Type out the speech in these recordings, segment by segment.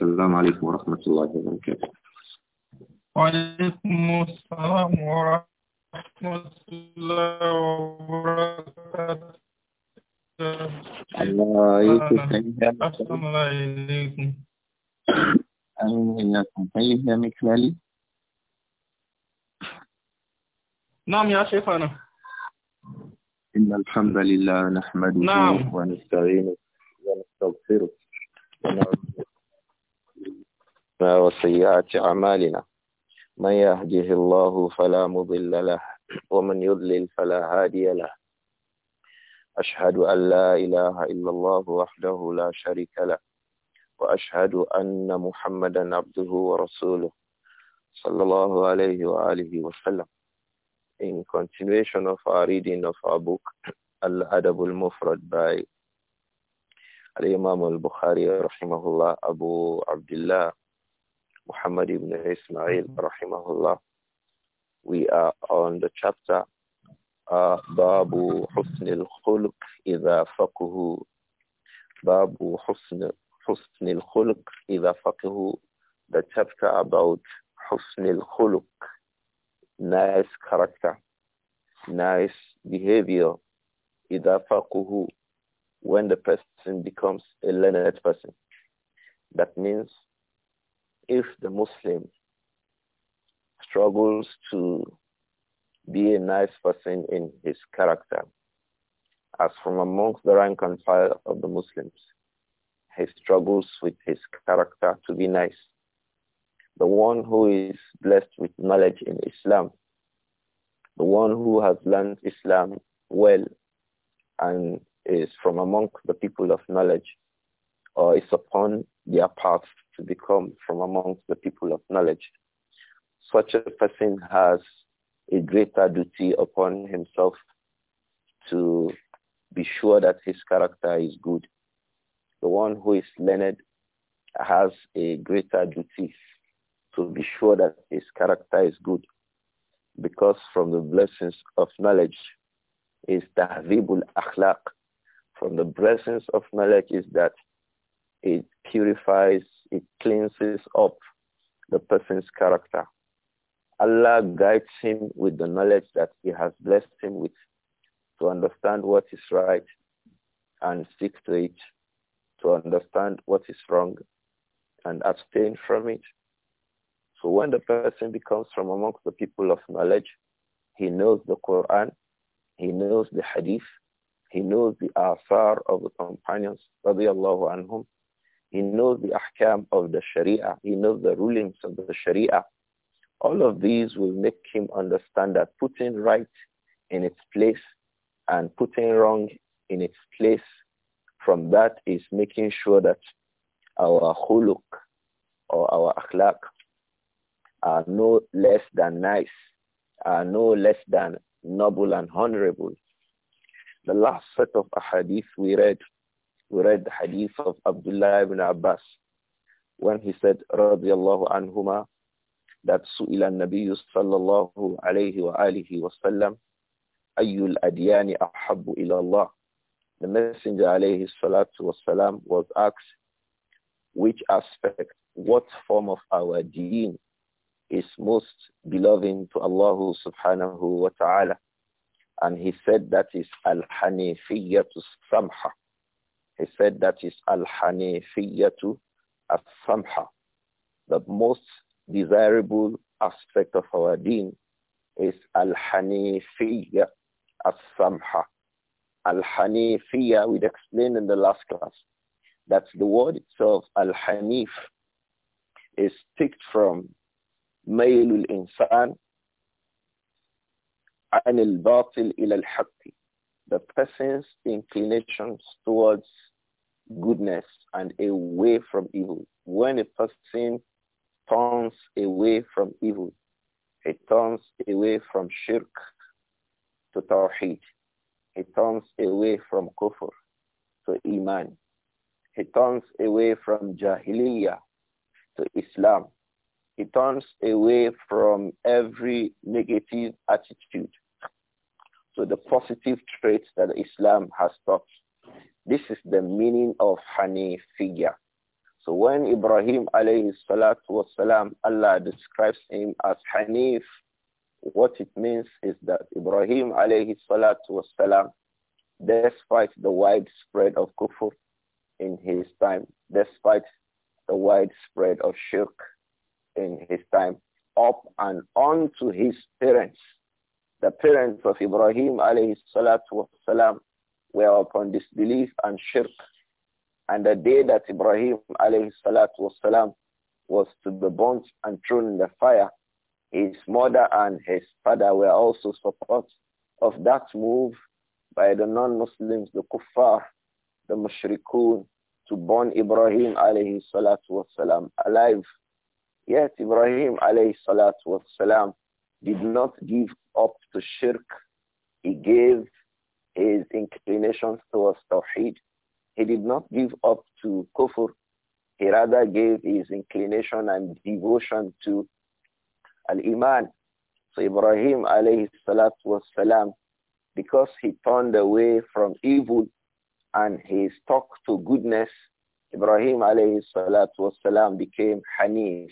السلام عليكم ورحمة الله وبركاته وعليكم السلام ورحمة الله وبركاته الله يسلمك أمين إياكم طيب يا شيخ نعم يا إن الحمد لله نحمده نعم. ونستعينه ونستغفره ونعوذ أنفسنا وسيئات أعمالنا من يهده الله فلا مضل له ومن يضلل فلا هادي له أشهد أن لا إله إلا الله وحده لا شريك له وأشهد أن محمدا عبده ورسوله صلى الله عليه وآله وسلم In continuation of our reading of our book Al-Adab al-Mufrad by Al-Imam al-Bukhari rahimahullah Abu Abdullah Muhammad ibn Ismail mm-hmm. rahimahullah. We are on the chapter uh, Babu Husn al-Khuluq إذا فقه Babu Husn al إذا فقه the chapter about Husn al nice character nice behavior إذا فقه when the person becomes a learned person that means if the Muslim struggles to be a nice person in his character, as from amongst the rank and file of the Muslims, he struggles with his character to be nice. The one who is blessed with knowledge in Islam, the one who has learned Islam well and is from among the people of knowledge or is upon their path to become from amongst the people of knowledge. Such a person has a greater duty upon himself to be sure that his character is good. The one who is learned has a greater duty to be sure that his character is good because from the blessings of knowledge is tahzibul akhlaq. From the blessings of knowledge is that it purifies it cleanses up the person's character. Allah guides him with the knowledge that he has blessed him with to understand what is right and stick to it, to understand what is wrong and abstain from it. So when the person becomes from amongst the people of knowledge, he knows the Quran, he knows the Hadith, he knows the Asar of the companions, radiallahu anhum, he knows the ahkam of the sharia. He knows the rulings of the sharia. All of these will make him understand that putting right in its place and putting wrong in its place from that is making sure that our huluk or our akhlaq are no less than nice, are no less than noble and honorable. The last set of ahadith we read we read the hadith of Abdullah ibn Abbas when he said, radiallahu anhuma, that su'ila nabiyyu sallallahu alayhi wa alihi wa sallam, ayyul adiyani ahabbu ila Allah. The Messenger alayhi salatu wasalam was asked, which aspect, what form of our deen is most beloved to Allah subhanahu wa ta'ala? And he said that is al-hanifiyyatu samha, he said that is al-hanifiyatu as-samha. The most desirable aspect of our deen is al fiya as-samha. al fiya we explained in the last class, that the word itself, al-hanif, is picked from mailul insan anil الباطل إلى الحق the person's inclinations towards goodness and away from evil. When a person turns away from evil, he turns away from shirk to tawheed. He turns away from kufr to iman. He turns away from jahiliyyah to Islam. He turns away from every negative attitude to the positive traits that Islam has taught. This is the meaning of Hanifiyya. So when Ibrahim alayhi salatu wasalam, Allah describes him as Hanif, what it means is that Ibrahim alayhi salatu wasalam, despite the widespread of kufr in his time, despite the widespread of shirk in his time, up and on to his parents, the parents of Ibrahim alayhi salatu wasalam were upon disbelief and shirk. And the day that Ibrahim alayhi salatu wasalam was to be burnt and thrown in the fire, his mother and his father were also support of that move by the non-Muslims, the kuffar, the mushrikun, to burn Ibrahim alayhi salatu wasalam alive. Yet Ibrahim alayhi salatu wasalam did not give up to shirk. He gave his inclinations towards tawheed. He did not give up to kufr. He rather gave his inclination and devotion to al-iman. So Ibrahim alayhi salatu was salam, because he turned away from evil and he stuck to goodness, Ibrahim alayhi salatu was salam became Hanif.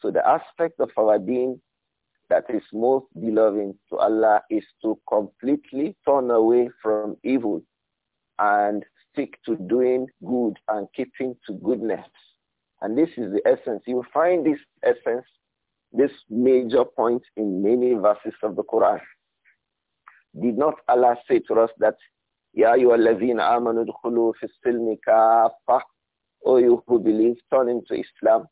So the aspect of our deen that is most beloved to Allah is to completely turn away from evil and stick to doing good and keeping to goodness. And this is the essence. You find this essence, this major point in many verses of the Quran. Did not Allah say to us that, Ya amanu fi O you who believe, turn into Islam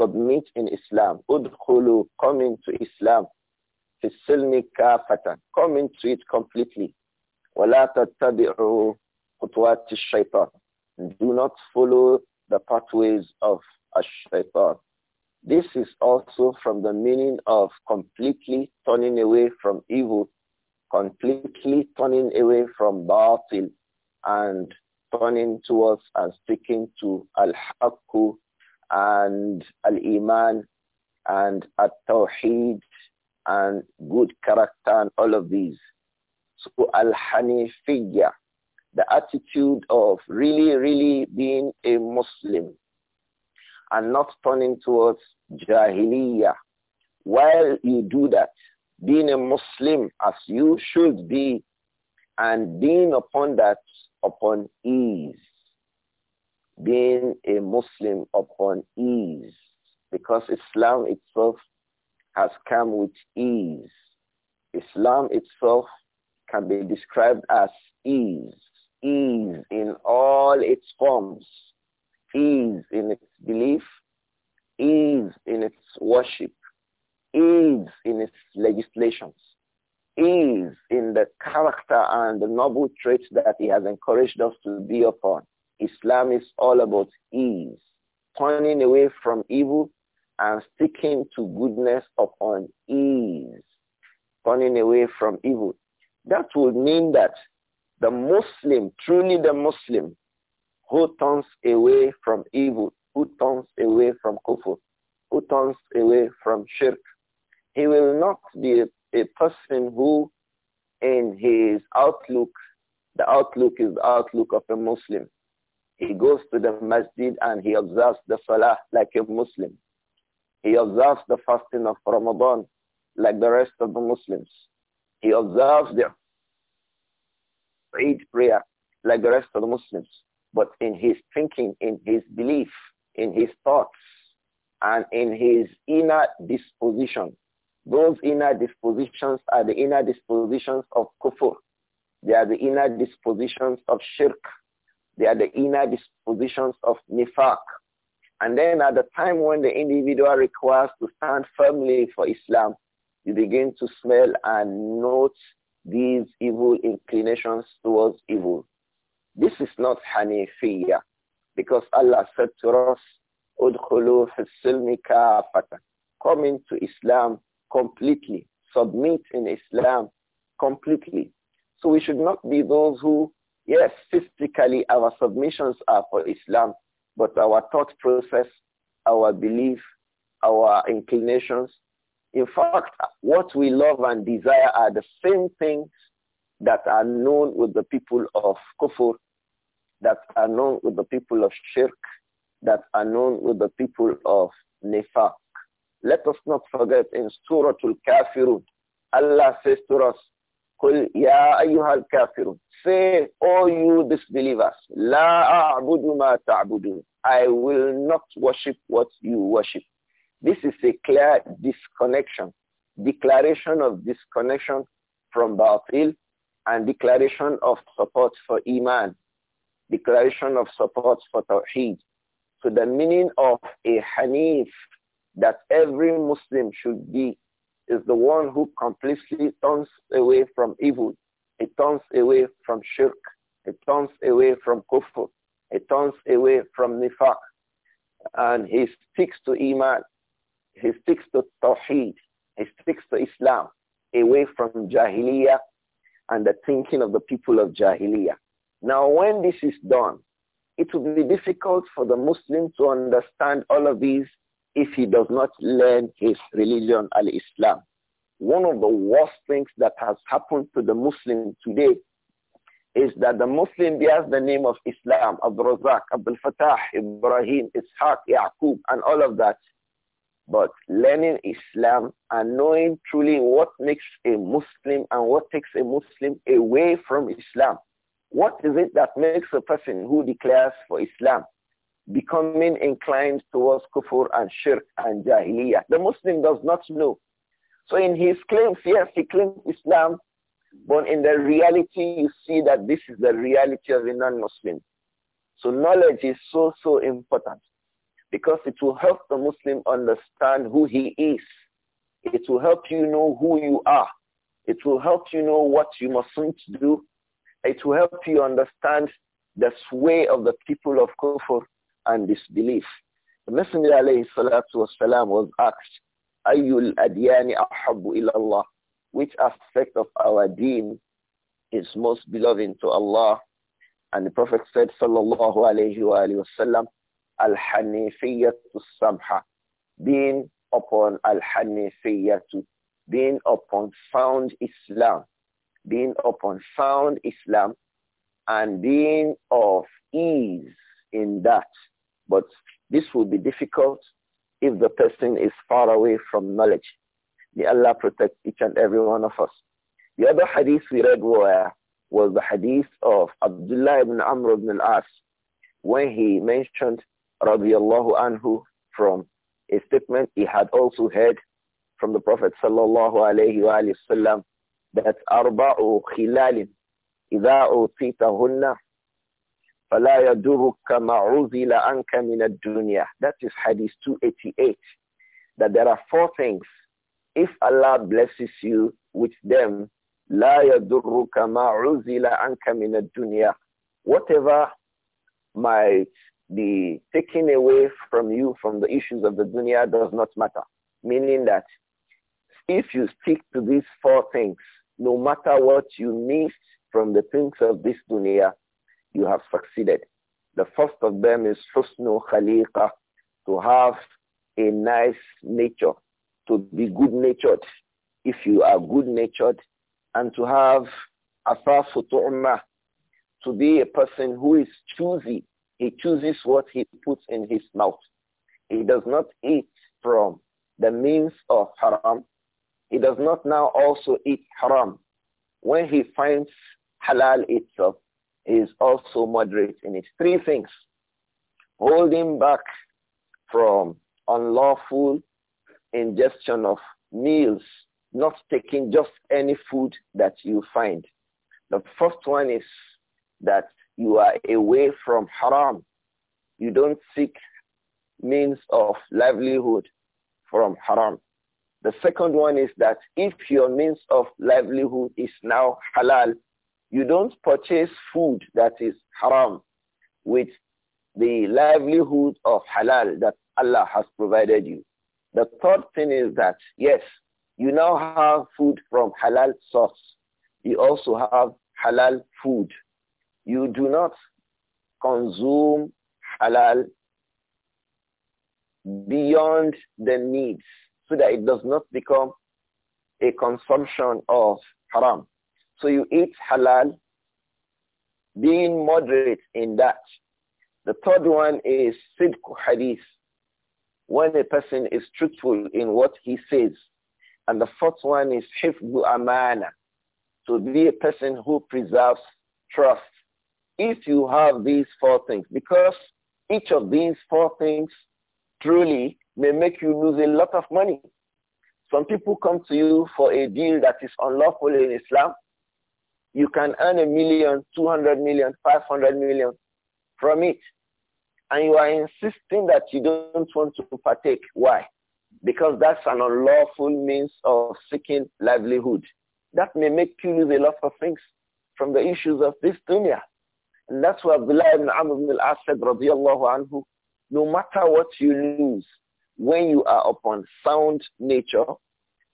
submit in Islam. Udkhulu, come into Islam. ka kafatan, come into it completely. وَلَا تَتَّبِعُوا خُطْوَاتِ الشَّيْطَانِ Do not follow the pathways of ash This is also from the meaning of completely turning away from evil, completely turning away from batil, and turning towards and sticking to al-haqqu and al-iman and at-tawheed and good character and all of these. So al-hanifiyya, the attitude of really, really being a Muslim and not turning towards jahiliyyah. While you do that, being a Muslim as you should be and being upon that upon ease being a Muslim upon ease because Islam itself has come with ease. Islam itself can be described as ease, ease in all its forms, ease in its belief, ease in its worship, ease in its legislations, ease in the character and the noble traits that he has encouraged us to be upon Islam is all about ease, turning away from evil and sticking to goodness upon ease, turning away from evil. That would mean that the Muslim, truly the Muslim, who turns away from evil, who turns away from kufr, who turns away from shirk, he will not be a, a person who in his outlook, the outlook is the outlook of a Muslim. He goes to the masjid and he observes the salah like a Muslim. He observes the fasting of Ramadan like the rest of the Muslims. He observes the Eid prayer like the rest of the Muslims. But in his thinking, in his belief, in his thoughts, and in his inner disposition, those inner dispositions are the inner dispositions of kufr. They are the inner dispositions of shirk. They are the inner dispositions of nifaq. And then at the time when the individual requires to stand firmly for Islam, you begin to smell and note these evil inclinations towards evil. This is not Hanifiya because Allah said to us, Udkhulu Come into Islam completely. Submit in Islam completely. So we should not be those who Yes, physically our submissions are for Islam, but our thought process, our belief, our inclinations, in fact, what we love and desire are the same things that are known with the people of Kufur, that are known with the people of Shirk, that are known with the people of Nifaq. Let us not forget in Surah Al-Kafirun, Allah says to us, قل يا أيها الكافرون Say, all you disbelievers, لا أعبد ما تعبدون. I will not worship what you worship. This is a clear disconnection, declaration of disconnection from Baatil and declaration of support for Iman, declaration of support for Tawheed. So the meaning of a Hanif that every Muslim should be is the one who completely turns away from evil. He turns away from shirk. He turns away from kufr. He turns away from nifaq. And he sticks to iman. He sticks to tawheed. He sticks to Islam. Away from jahiliyyah and the thinking of the people of jahiliyyah. Now when this is done, it will be difficult for the Muslim to understand all of these if he does not learn his religion, al-Islam. One of the worst things that has happened to the Muslim today is that the Muslim bears the name of Islam, Abdul Razak, Abdul Fatah, Ibrahim, Ishaq, Yaqub, and all of that. But learning Islam and knowing truly what makes a Muslim and what takes a Muslim away from Islam. What is it that makes a person who declares for Islam? becoming inclined towards kufr and shirk and jahiliyyah. The Muslim does not know. So in his claims, yes, he claims Islam, but in the reality, you see that this is the reality of a non-Muslim. So knowledge is so, so important because it will help the Muslim understand who he is. It will help you know who you are. It will help you know what you mustn't do. It will help you understand the sway of the people of Kufr and disbelief. The Messenger alayhi salatu was asked, Ayyul adyani ahabu ilallah, which aspect of our deen is most beloved to Allah? And the Prophet said, sallallahu alayhi wa sallam, wasallam, al-hanifiyyatu samha, being upon al-hanifiyyatu, being upon sound Islam, being upon sound Islam, and being of ease in that. But this will be difficult if the person is far away from knowledge. May Allah protect each and every one of us. The other hadith we read were, was the hadith of Abdullah ibn Amr ibn al-As when he mentioned radiallahu anhu from a statement he had also heard from the Prophet sallallahu alayhi wa sallam that arba'u khilalin إذا أوتيتهن فَلَا يَدُرُكَ مَا عُزِلَ مِنَ الدُّنْيَا That is Hadith 288. That there are four things. If Allah blesses you with them, لَا يَدُرُّكَ مَا عُزِلَ أَنْكَ مِنَ الدُّنْيَا Whatever might be taken away from you from the issues of the dunya does not matter. Meaning that if you stick to these four things, no matter what you miss from the things of this dunya, you have succeeded. The first of them is husnu khaliqa, to have a nice nature, to be good-natured, if you are good-natured, and to have asafu tu'ma, to be a person who is choosy. He chooses what he puts in his mouth. He does not eat from the means of haram. He does not now also eat haram. When he finds halal itself, is also moderate in it. Three things. Holding back from unlawful ingestion of meals, not taking just any food that you find. The first one is that you are away from haram. You don't seek means of livelihood from haram. The second one is that if your means of livelihood is now halal, you don't purchase food that is haram with the livelihood of halal that Allah has provided you. The third thing is that, yes, you now have food from halal source. You also have halal food. You do not consume halal beyond the needs so that it does not become a consumption of haram. So you eat halal, being moderate in that. The third one is sidq hadith, when a person is truthful in what he says. And the fourth one is hifdu amana, to be a person who preserves trust. If you have these four things, because each of these four things truly may make you lose a lot of money. Some people come to you for a deal that is unlawful in Islam, you can earn a million, 200 million, 500 million from it. And you are insisting that you don't want to partake. Why? Because that's an unlawful means of seeking livelihood. That may make you lose a lot of things from the issues of this dunya. And that's why Abdullah ibn Amr ibn al-As said, anhu, no matter what you lose, when you are upon sound nature,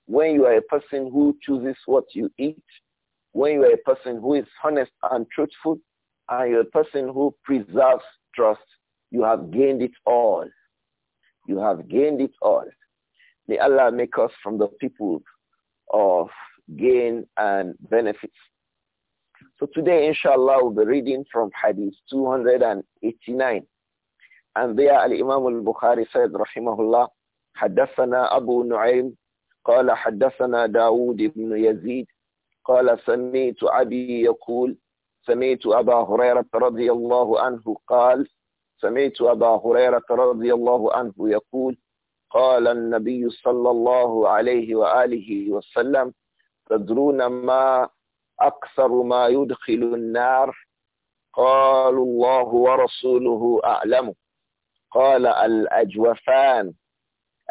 when you are a person who chooses what you eat, when you are a person who is honest and truthful, and you're a person who preserves trust, you have gained it all. You have gained it all. May Allah make us from the people of gain and benefits. So today, inshallah, we'll be reading from Hadith 289. And there Al-Imam Al-Bukhari said, rahimahullah, حدثنا أبو نعيم قال حدثنا داود بن يزيد قال سمعت أبي يقول سمعت أبا هريرة رضي الله عنه قال سمعت أبا هريرة رضي الله عنه يقول قال النبي صلى الله عليه وآله وسلم تدرون ما أكثر ما يدخل النار قال الله ورسوله أعلم قال الأجوفان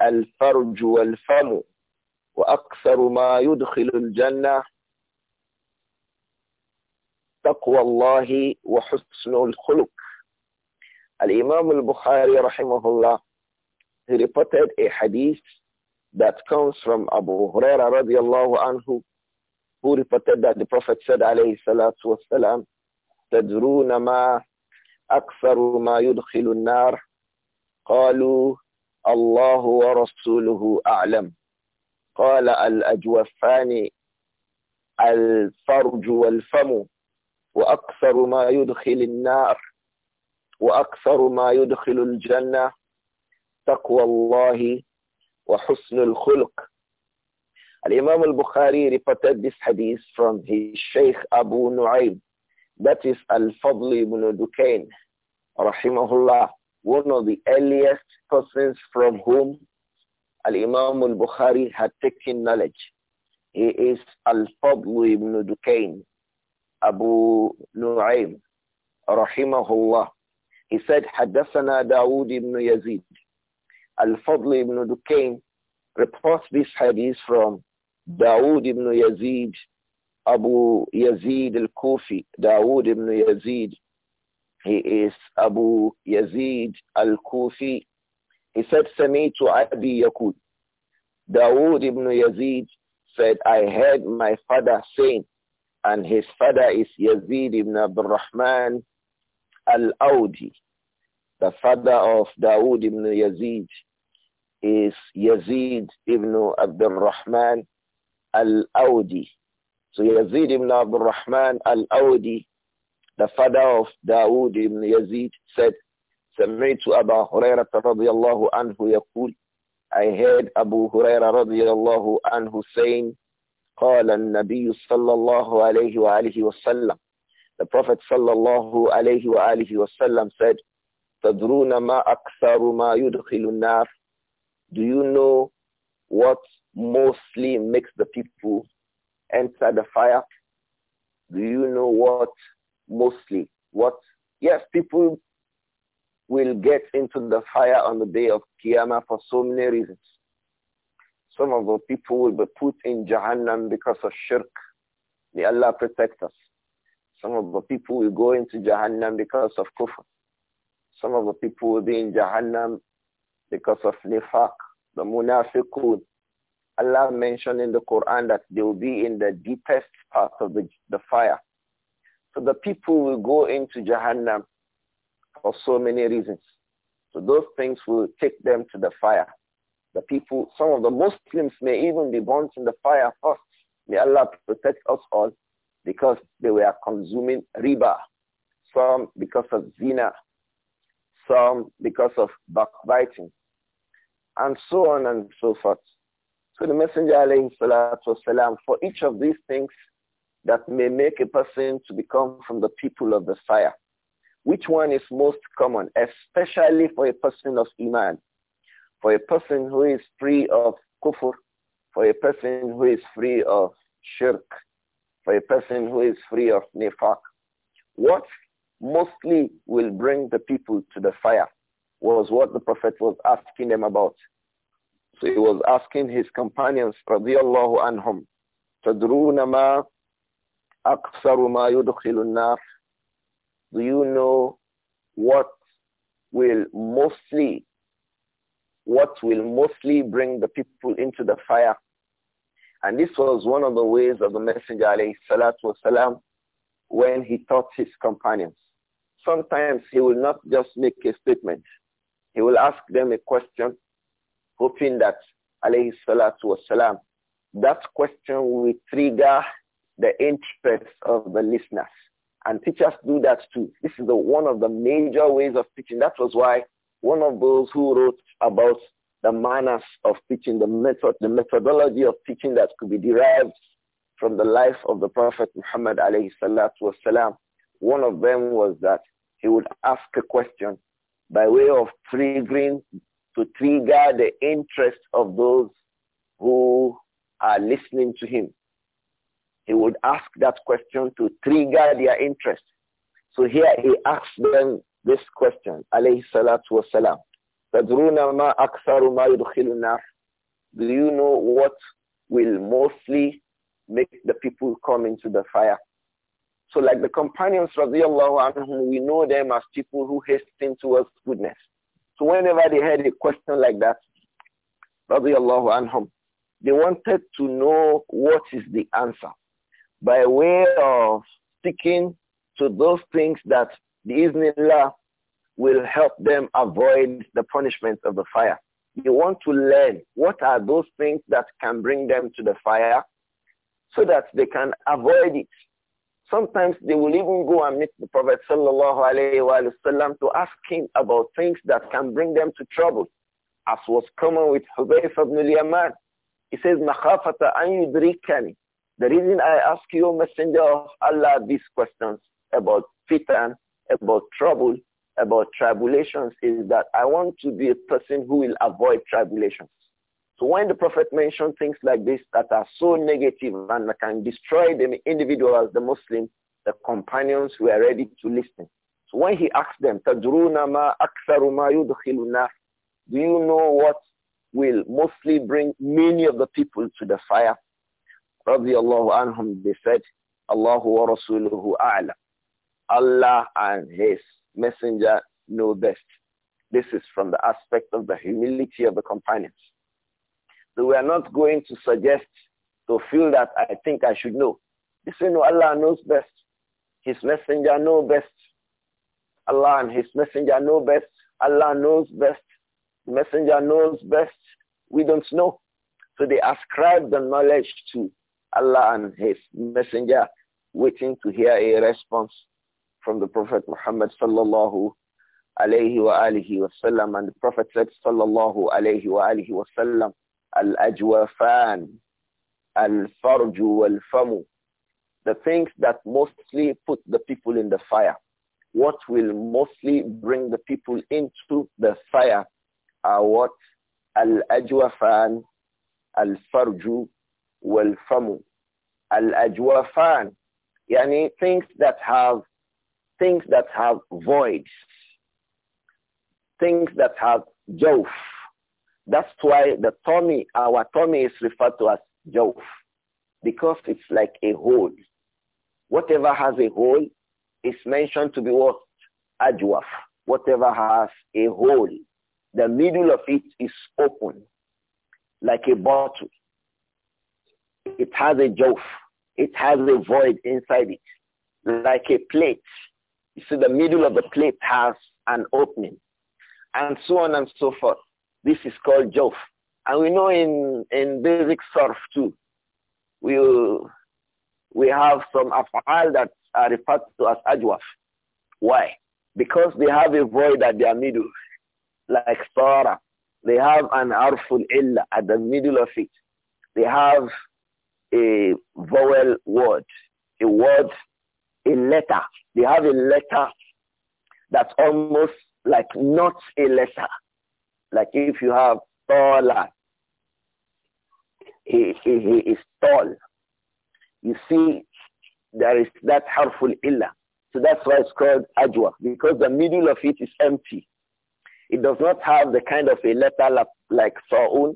الفرج والفم وأكثر ما يدخل الجنة تقوى الله وحسن الخلق he reported a hadith that comes from Abu Huraira الله عنه. who reported that the Prophet said عليه الصلاة والسلام تدرون ما أكثر ما يدخل النار قالوا الله ورسوله أعلم قال الأجوفان الفرج والفم وأكثر ما يدخل النار وأكثر ما يدخل الجنة تقوى الله وحسن الخلق الامام البخاري reported this hadith from his شيخ Abu نعيم that is al بن ibn رحمه الله one of the earliest persons from whom الإمام البخاري had taken knowledge he is al بن ibn Abu Nu'aym, rahimahullah. He said, حدثنا داود ibn Yazid. Al-Fadl ibn Dukayn reports this hadith from Daud ibn Yazid, Abu Yazid al-Kufi. Daud ibn Yazid, he is Abu Yazid al-Kufi. He said, Samitu Abi Yakut. Dawood ibn Yazid said, I heard my father saying, and his father is Yazid ibn Abdul Rahman al-Audi. The father of Dawood ibn Yazid is Yazid ibn Abdul Rahman al-Audi. So Yazid ibn Abdul Rahman al-Audi, the father of Dawood ibn Yazid, said, سمعت أبا هريرة رضي الله عنه يقول I heard Abu Huraira radiallahu anhu saying قال النبي صلى الله عليه وآله وسلم The Prophet صلى الله عليه وآله وسلم said تدرون ما أكثر ما يدخل النار Do you know what mostly makes the people enter the fire? Do you know what mostly? What? Yes, people will get into the fire on the day of Qiyamah for so many reasons. Some of the people will be put in Jahannam because of shirk. May Allah protect us. Some of the people will go into Jahannam because of kufr. Some of the people will be in Jahannam because of nifaq, the munafiqun. Allah mentioned in the Quran that they will be in the deepest part of the, the fire. So the people will go into Jahannam for so many reasons. So those things will take them to the fire. The people, some of the Muslims may even be burnt in the fire first. May Allah protect us all because they were consuming riba. Some because of zina. Some because of backbiting. And so on and so forth. So the Messenger والسلام, for each of these things that may make a person to become from the people of the fire. Which one is most common, especially for a person of Iman? For a person who is free of kufr, for a person who is free of shirk, for a person who is free of nifaq, what mostly will bring the people to the fire was what the Prophet was asking them about. So he was asking his companions, radiallahu anhum, تَدْرُونَ مَا أكثرُ مَا يُدْخِلُ النَّارِ Do you know what will mostly what will mostly bring the people into the fire. And this was one of the ways of the Messenger والسلام, when he taught his companions. Sometimes he will not just make a statement. He will ask them a question, hoping that والسلام, that question will trigger the interest of the listeners. And teachers do that too. This is the, one of the major ways of teaching. That was why one of those who wrote about the manners of teaching, the method, the methodology of teaching that could be derived from the life of the Prophet Muhammad alayhi salatu wasalam. One of them was that he would ask a question by way of triggering to trigger the interest of those who are listening to him. He would ask that question to trigger their interest. So here he asks them this question, alayhi salatu wasalam. تَدْرُونَ مَا أَكْثَرُ مَا يُدْخِلُ النَّارِ Do you know what will mostly make the people come into the fire? So like the companions, radiallahu anhum, we know them as people who hasten towards goodness. So whenever they had a question like that, radiallahu anhum, they wanted to know what is the answer by way of sticking to those things that Biiznillah will help them avoid the punishment of the fire. They want to learn what are those things that can bring them to the fire so that they can avoid it. Sometimes they will even go and meet the Prophet sallallahu to ask him about things that can bring them to trouble, as was common with Hubayf ibn al-Yaman. He says, مَخَافَةَ an يُدْرِكَنِ The reason I ask you, Messenger of Allah, these questions about fitan about trouble, about tribulations is that I want to be a person who will avoid tribulations. So when the prophet mentioned things like this that are so negative and can destroy the individuals, the Muslims, the companions were ready to listen. So when he asked them, تَدْرُونَ مَا أَكْثَرُ مَا Do you know what will mostly bring many of the people to the fire? رضي الله عنهم, they said, Allahu wa rasuluhu a'lam. Allah and his messenger know best. This is from the aspect of the humility of the companions. So we are not going to suggest to feel that I think I should know. is no, Allah knows best. His messenger know best. Allah and his messenger know best. Allah knows best. The messenger knows best. We don't know. So they ascribe the knowledge to Allah and his messenger, waiting to hear a response from the Prophet Muhammad sallallahu alayhi wa alihi wasallam and the Prophet said sallallahu alayhi wa alihi wasallam al-ajwafan al-farju wal-famu the things that mostly put the people in the fire what will mostly bring the people into the fire are what al-ajwafan al-farju wal-famu al-ajwafan yani things that have things that have voids, things that have jawf. That's why the tummy, our tummy is referred to as jawf, because it's like a hole. Whatever has a hole is mentioned to be what? Ajwaf. Whatever has a hole, the middle of it is open, like a bottle. It has a jawf. It has a void inside it, like a plate you see, the middle of the plate has an opening, and so on and so forth. This is called jof. And we know in, in basic surf too, we, we have some af'al that are referred to as ajwaf. Why? Because they have a void at their middle, like tara. They have an arful illa at the middle of it. They have a vowel word, a word a letter. They have a letter that's almost like not a letter. Like if you have taller, he, he, he is tall. You see, there is that harmful illa. So that's why it's called ajwa, because the middle of it is empty. It does not have the kind of a letter like sa'un,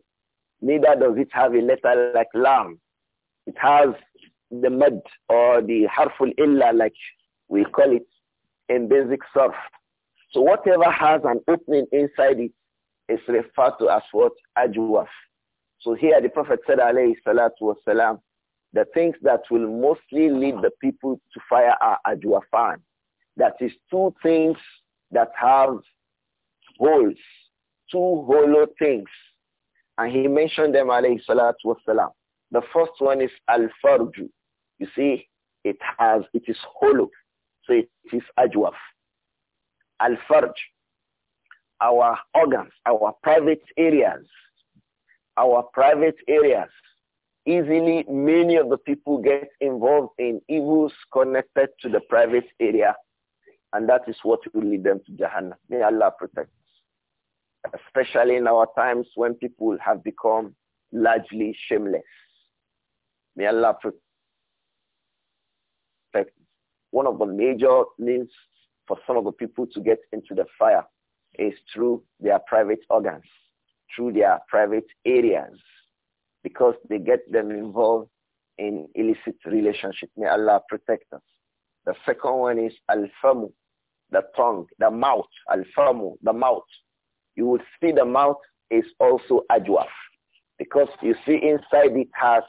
neither does it have a letter like lam. It has the mud or the harmful illa like we call it in basic surf. So whatever has an opening inside it is referred to as what? Ajwaf. So here the Prophet said alayhi salatu wasalam, the things that will mostly lead the people to fire are ajwafan. That is two things that have holes, two hollow things. And he mentioned them alayhi salatu wasalam. The first one is al-farju, you see, it has, it is hollow. So it is ajwaf. Al-farj, our organs, our private areas, our private areas. Easily, many of the people get involved in evils connected to the private area, and that is what will lead them to Jahannam. May Allah protect us, especially in our times when people have become largely shameless. May Allah protect one of the major means for some of the people to get into the fire is through their private organs, through their private areas, because they get them involved in illicit relationship. May Allah protect us. The second one is al-famu, the tongue, the mouth, al-famu, the mouth. You will see the mouth is also ajwa, because you see inside it has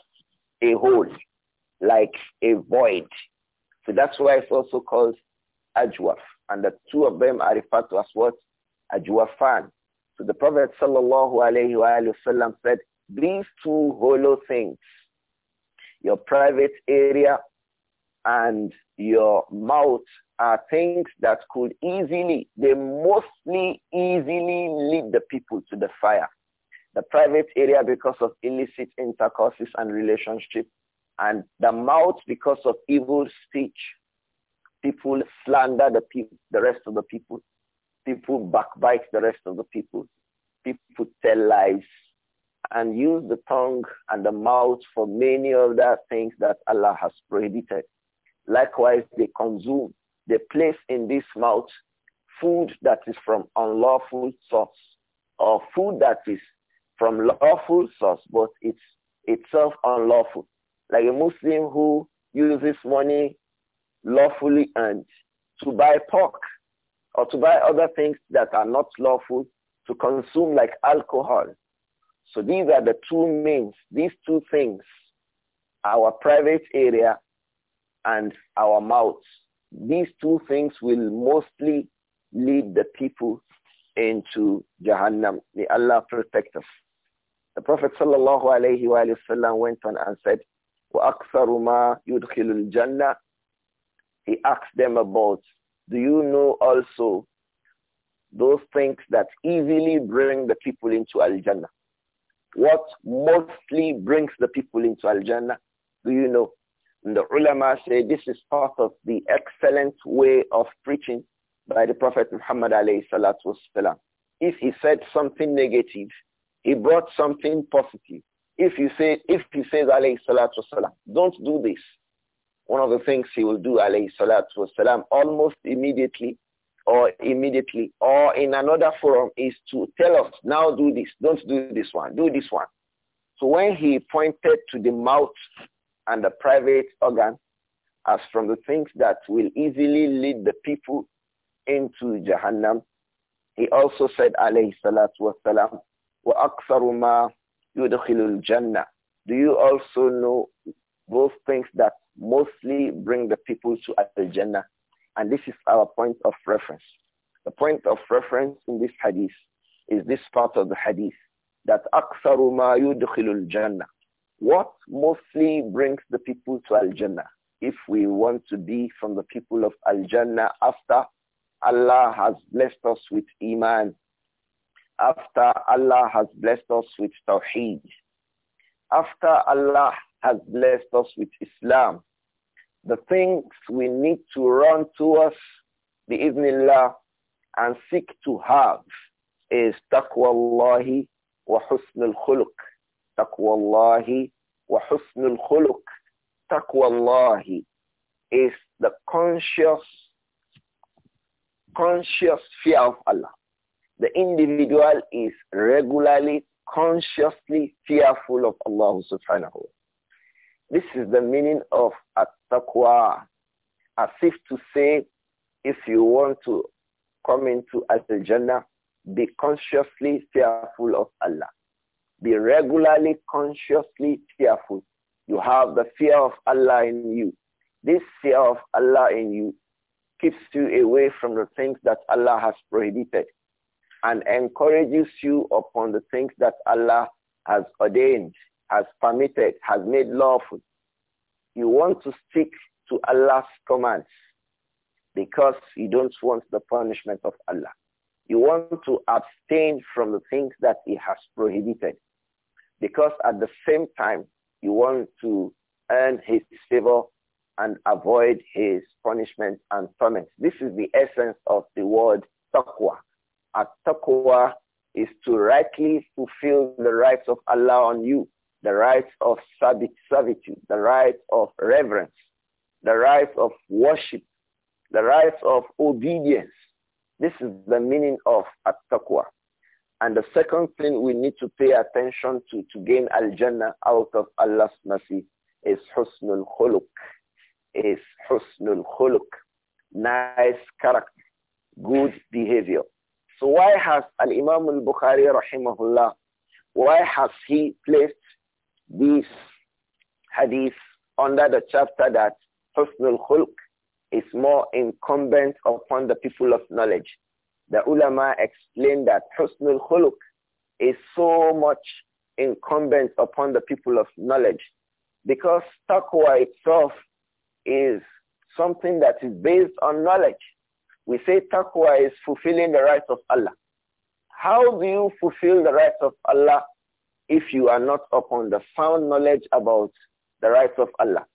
a hole, like a void, so that's why it's also called Ajwaf. And the two of them are referred to as what? Ajwafan. So the Prophet sallallahu alayhi wa sallam said, these two hollow things, your private area and your mouth are things that could easily, they mostly easily lead the people to the fire. The private area because of illicit intercourses and relationship and the mouth, because of evil speech, people slander the, people. the rest of the people. People backbite the rest of the people. People tell lies and use the tongue and the mouth for many of the things that Allah has prohibited. Likewise, they consume, they place in this mouth food that is from unlawful source or food that is from lawful source, but it's itself unlawful. Like a Muslim who uses money lawfully and to buy pork or to buy other things that are not lawful to consume like alcohol. So these are the two means, these two things, our private area and our mouths. These two things will mostly lead the people into Jahannam. May Allah protect us. The Prophet sallallahu alayhi wa, sallam, went on and said, he asked them about, do you know also those things that easily bring the people into Al-Jannah? What mostly brings the people into Al-Jannah? Do you know? And the ulama say this is part of the excellent way of preaching by the Prophet Muhammad alayhi salatu If he said something negative, he brought something positive. If you say, if he says, alayhi salatu wasalam, don't do this. One of the things he will do, alayhi salatu wasalam, almost immediately or immediately or in another forum is to tell us, now do this, don't do this one, do this one. So when he pointed to the mouth and the private organ as from the things that will easily lead the people into Jahannam, he also said, alayhi salatu wasalam, وَأَكْثَرُ ma yudkhilul jannah. Do you also know those things that mostly bring the people to al-jannah? And this is our point of reference. The point of reference in this hadith is this part of the hadith that aksaru ma yudkhilul jannah. What mostly brings the people to al-jannah? If we want to be from the people of al-jannah after Allah has blessed us with iman after Allah has blessed us with Tawheed, after Allah has blessed us with Islam, the things we need to run towards, bi'idhnillah, and seek to have is taqwallahi wa husnul khuluq. Taqwallahi wa husnul khuluq. Taqwallahi is the conscious, conscious fear of Allah the individual is regularly, consciously fearful of Allah subhanahu This is the meaning of at-taqwa, as if to say, if you want to come into al-Jannah, be consciously fearful of Allah. Be regularly, consciously fearful. You have the fear of Allah in you. This fear of Allah in you keeps you away from the things that Allah has prohibited and encourages you upon the things that Allah has ordained, has permitted, has made lawful. You want to stick to Allah's commands because you don't want the punishment of Allah. You want to abstain from the things that he has prohibited because at the same time you want to earn his favor and avoid his punishment and torment. This is the essence of the word taqwa at is to rightly fulfill the rights of Allah on you, the rights of servitude, the rights of reverence, the rights of worship, the rights of obedience. This is the meaning of at And the second thing we need to pay attention to to gain al-jannah out of Allah's mercy is husnul khuluq, is husnul khuluq, nice character, good behavior. So why has imam al-Bukhari rahimahullah, why has he placed this hadith under the chapter that husnul khulq is more incumbent upon the people of knowledge? The ulama explained that husnul khulq is so much incumbent upon the people of knowledge because taqwa itself is something that is based on knowledge. We say taqwa is fulfilling the rights of Allah. How do you fulfill the rights of Allah if you are not upon the sound knowledge about the rights of Allah?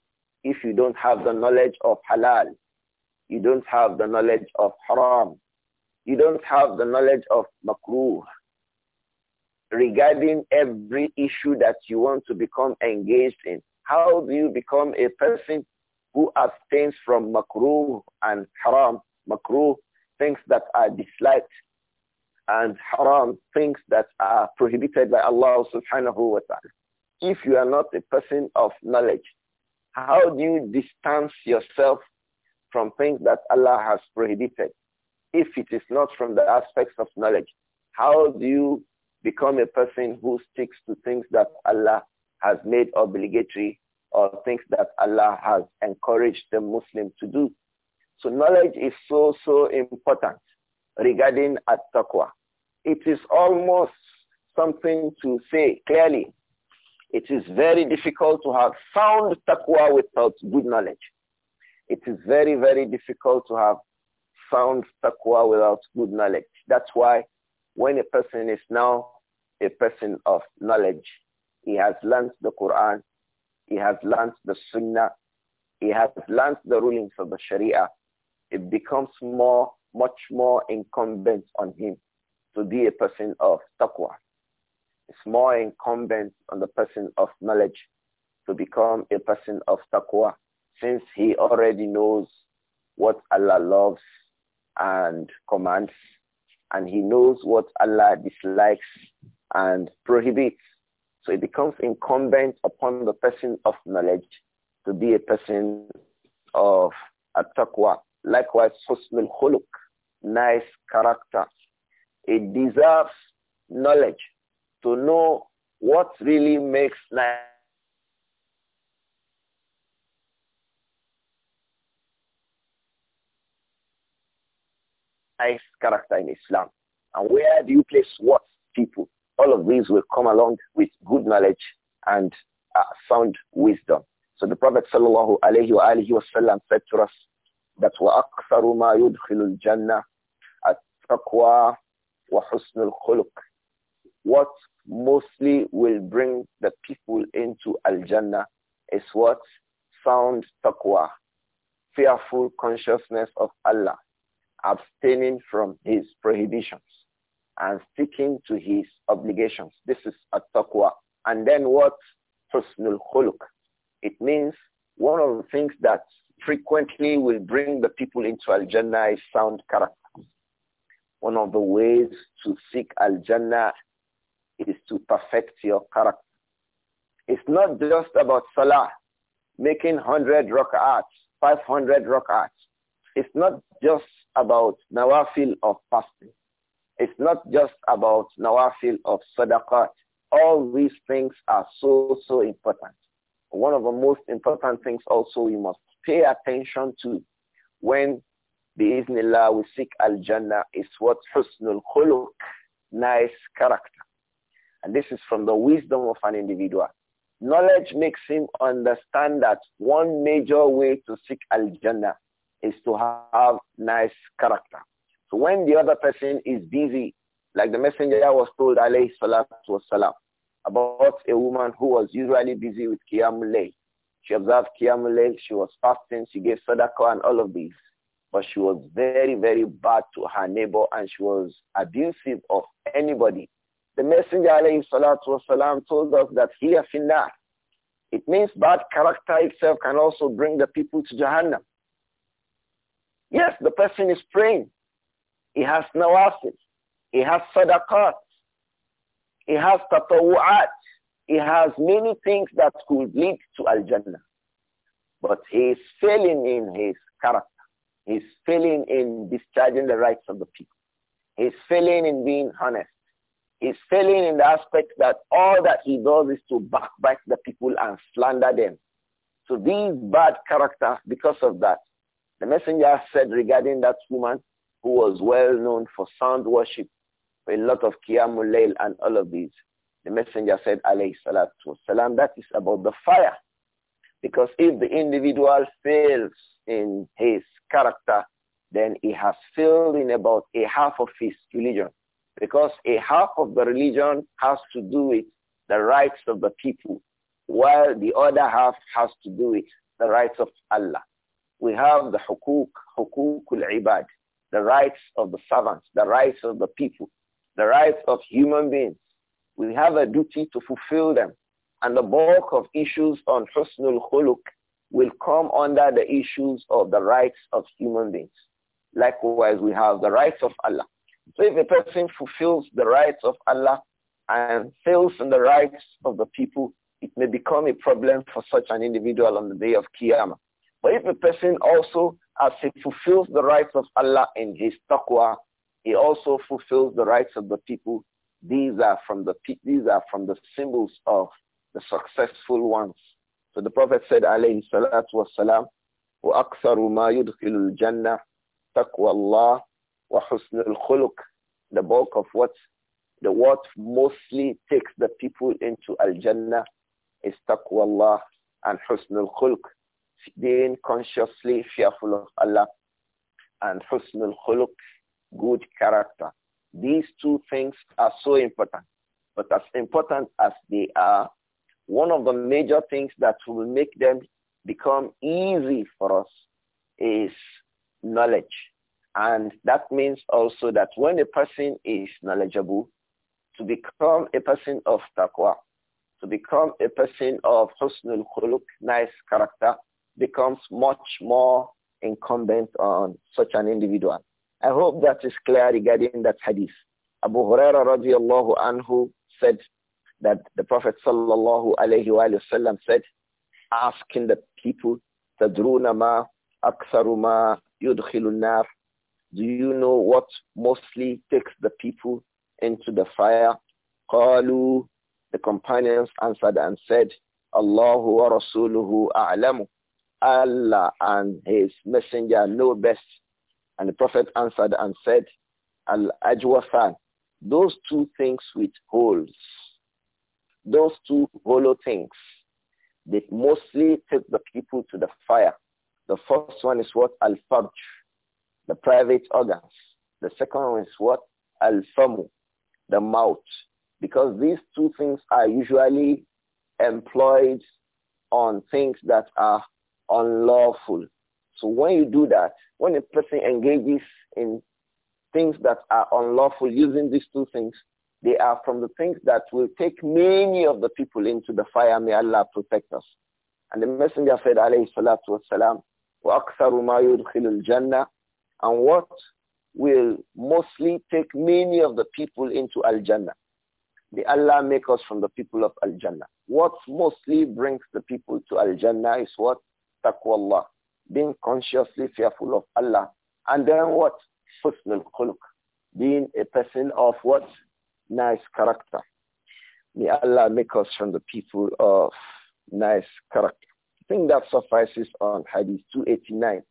If you don't have the knowledge of halal, you don't have the knowledge of haram, you don't have the knowledge of makruh, regarding every issue that you want to become engaged in. How do you become a person who abstains from makruh and haram makruh, things that are disliked, and haram, things that are prohibited by Allah subhanahu wa ta'ala. If you are not a person of knowledge, how do you distance yourself from things that Allah has prohibited? If it is not from the aspects of knowledge, how do you become a person who sticks to things that Allah has made obligatory or things that Allah has encouraged the Muslim to do? So knowledge is so, so important regarding at-taqwa. It is almost something to say clearly. It is very difficult to have sound taqwa without good knowledge. It is very, very difficult to have sound taqwa without good knowledge. That's why when a person is now a person of knowledge, he has learned the Quran, he has learned the Sunnah, he has learned the rulings of the Sharia, it becomes more, much more incumbent on him to be a person of taqwa. It's more incumbent on the person of knowledge to become a person of taqwa since he already knows what Allah loves and commands and he knows what Allah dislikes and prohibits. So it becomes incumbent upon the person of knowledge to be a person of a taqwa. Likewise, husnul khuluq, nice character. It deserves knowledge to know what really makes nice nice character in Islam. And where do you place what people? All of these will come along with good knowledge and uh, sound wisdom. So the Prophet sallallahu alaihi wa said to us, that's وَأَكْثَرُ مَا يُدْخِلُ الْجَنَّةِ التَّقْوَى وَحُسْنُ الْخُلُقِ What mostly will bring the people into Al-Jannah is what? Sound taqwa, fearful consciousness of Allah, abstaining from his prohibitions and sticking to his obligations. This is a taqwa. And then what? Husnul khuluq. It means one of the things that frequently will bring the people into Al-Jannah is sound character. One of the ways to seek Al-Jannah is to perfect your character. It's not just about Salah, making 100 rak'ats, 500 rak'ats. It's not just about nawafil of fasting. It's not just about nawafil of sadaqat. All these things are so, so important. One of the most important things also we must pay attention to when isnilah we seek al-jannah is what husnul khuluq, nice character. And this is from the wisdom of an individual. Knowledge makes him understand that one major way to seek al-jannah is to have nice character. So when the other person is busy, like the messenger was told alayhi salatu wasalam, about a woman who was usually busy with Qiyamul Layl. She observed Qiyamul she was fasting, she gave Sadaqah and all of these. But she was very, very bad to her neighbor and she was abusive of anybody. The Messenger alayhi salatu wasalam told us that here finna. It means bad character itself can also bring the people to Jahannam. Yes, the person is praying. He has assets. He has sadaqat. He has tatawu'at. He has many things that could lead to Al-Jannah. But he is failing in his character. He's failing in discharging the rights of the people. He's failing in being honest. He's failing in the aspect that all that he does is to backbite the people and slander them. So these bad characters, because of that, the messenger said regarding that woman who was well known for sound worship, a lot of Qiyamul Layl and all of these, the messenger said, alayhi salatu that is about the fire. Because if the individual fails in his character, then he has failed in about a half of his religion. Because a half of the religion has to do with the rights of the people, while the other half has to do with the rights of Allah. We have the hukuk, hukukul ibad, the rights of the servants, the rights of the people, the rights of human beings, we have a duty to fulfill them. And the bulk of issues on husnul khuluq will come under the issues of the rights of human beings. Likewise, we have the rights of Allah. So if a person fulfills the rights of Allah and fails in the rights of the people, it may become a problem for such an individual on the day of Qiyamah. But if a person also, as he fulfills the rights of Allah in his taqwa, he also fulfills the rights of the people these are from the these are from the symbols of the successful ones. So the Prophet said, alayhi salatu wasalam, وَأَكْثَرُ مَا يُدْخِلُ الْجَنَّةِ تَقْوَى اللَّهِ وَحُسْنُ الْخُلُقِ The bulk of what the what mostly takes the people into Al-Jannah is taqwa Allah and husnul khulq, being consciously fearful of Allah and husnul khulq, good character. These two things are so important. But as important as they are, one of the major things that will make them become easy for us is knowledge. And that means also that when a person is knowledgeable, to become a person of taqwa, to become a person of husnul khuluq, nice character, becomes much more incumbent on such an individual. I hope that is clear regarding that hadith. Abu Huraira radiallahu anhu said that the Prophet sallallahu alayhi wa sallam said, asking the people, تَدْرُونَ مَا أَكْثَرُ مَا يُدْخِلُ النَّارِ Do you know what mostly takes the people into the fire? قَالُوا The companions answered and said, "Allahu wa rasuluhu a'lamu. Allah and his messenger know best and the Prophet answered and said, Al-Ajwafan, those two things with holes, those two hollow things, they mostly take the people to the fire. The first one is what? Al-Farj, the private organs. The second one is what? Al-Famu, the mouth. Because these two things are usually employed on things that are unlawful. So when you do that, when a person engages in things that are unlawful using these two things, they are from the things that will take many of the people into the fire. May Allah protect us. And the Messenger said, alayhi salatu wasalam, وَأَكْثَرُ مَا يُدْخِلُ الْجَنَّةِ And what will mostly take many of the people into Al-Jannah? May Allah make us from the people of Al-Jannah. What mostly brings the people to Al-Jannah is what? Taqwa Allah being consciously fearful of Allah, and then what? Husnul khuluq, being a person of what? Nice character. May Allah make us from the people of nice character. I think that suffices on Hadith 289.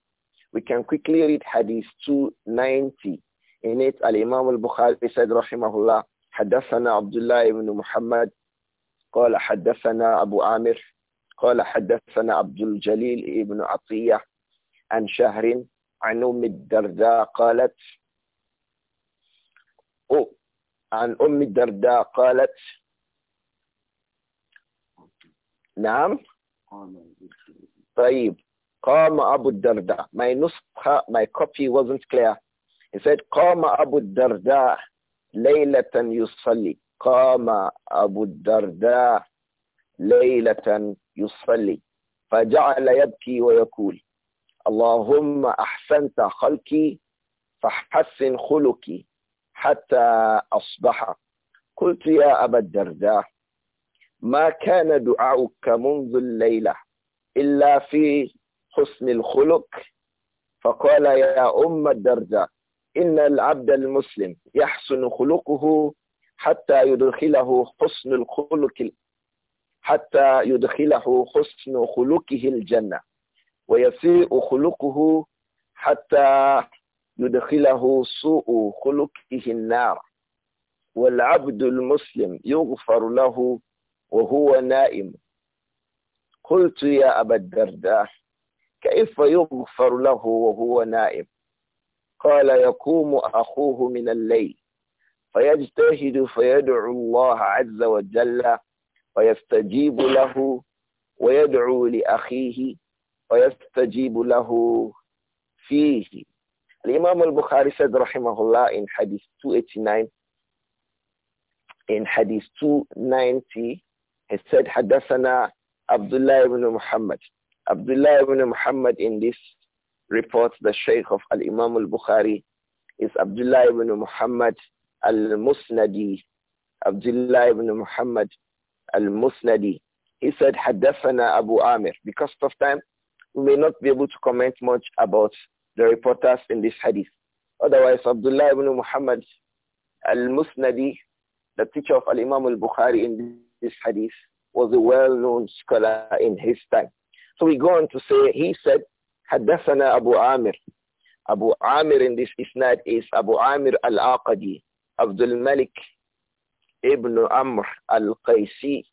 We can quickly read Hadith 290. In it, Al-Imam al-Bukhari said, "Rahimahullah." الله, حدثنا عبد الله بن محمد قال حدثنا أبو عامر قال حدثنا عبد الجليل ابن عطية عن شهر عن أم الدرداء قالت أو عن أم الدرداء قالت نعم طيب قام أبو الدرداء my نسخة my copy wasn't clear he said قام أبو الدرداء ليلة يصلي قام أبو الدرداء ليلة يصلي فجعل يبكي ويقول اللهم أحسنت خلقي فحسن خلقي حتى أصبح قلت يا أبا الدرداء ما كان دعاؤك منذ الليلة إلا في حسن الخلق فقال يا أم الدرداء إن العبد المسلم يحسن خلقه حتى يدخله حسن الخلق حتى يدخله حسن خلقه الجنة ويسيء خلقه حتى يدخله سوء خلقه النار والعبد المسلم يغفر له وهو نائم قلت يا أبا الدرداء كيف يغفر له وهو نائم قال يقوم أخوه من الليل فيجتهد فيدعو الله عز وجل ويستجيب له ويدعو لأخيه ويستجيب له فيه الإمام البخاري said رحمه الله in hadith 289 in hadith 290 he said حدثنا عبد الله بن محمد عبد الله بن محمد in this report the Shaykh of الإمام البخاري is Abdullah ibn Muhammad al-Musnadi Abdullah ibn Muhammad al-Musnadi. He said, "Hadassana Abu Amir. Because of time, we may not be able to comment much about the reporters in this hadith. Otherwise, Abdullah ibn Muhammad al-Musnadi, the teacher of al-Imam al-Bukhari in this hadith, was a well-known scholar in his time. So we go on to say, he said, "Hadassana Abu Amir. Abu Amir in this isnad is Abu Amir al-Aqadi, Abdul Malik Ibn Amr al Qaisi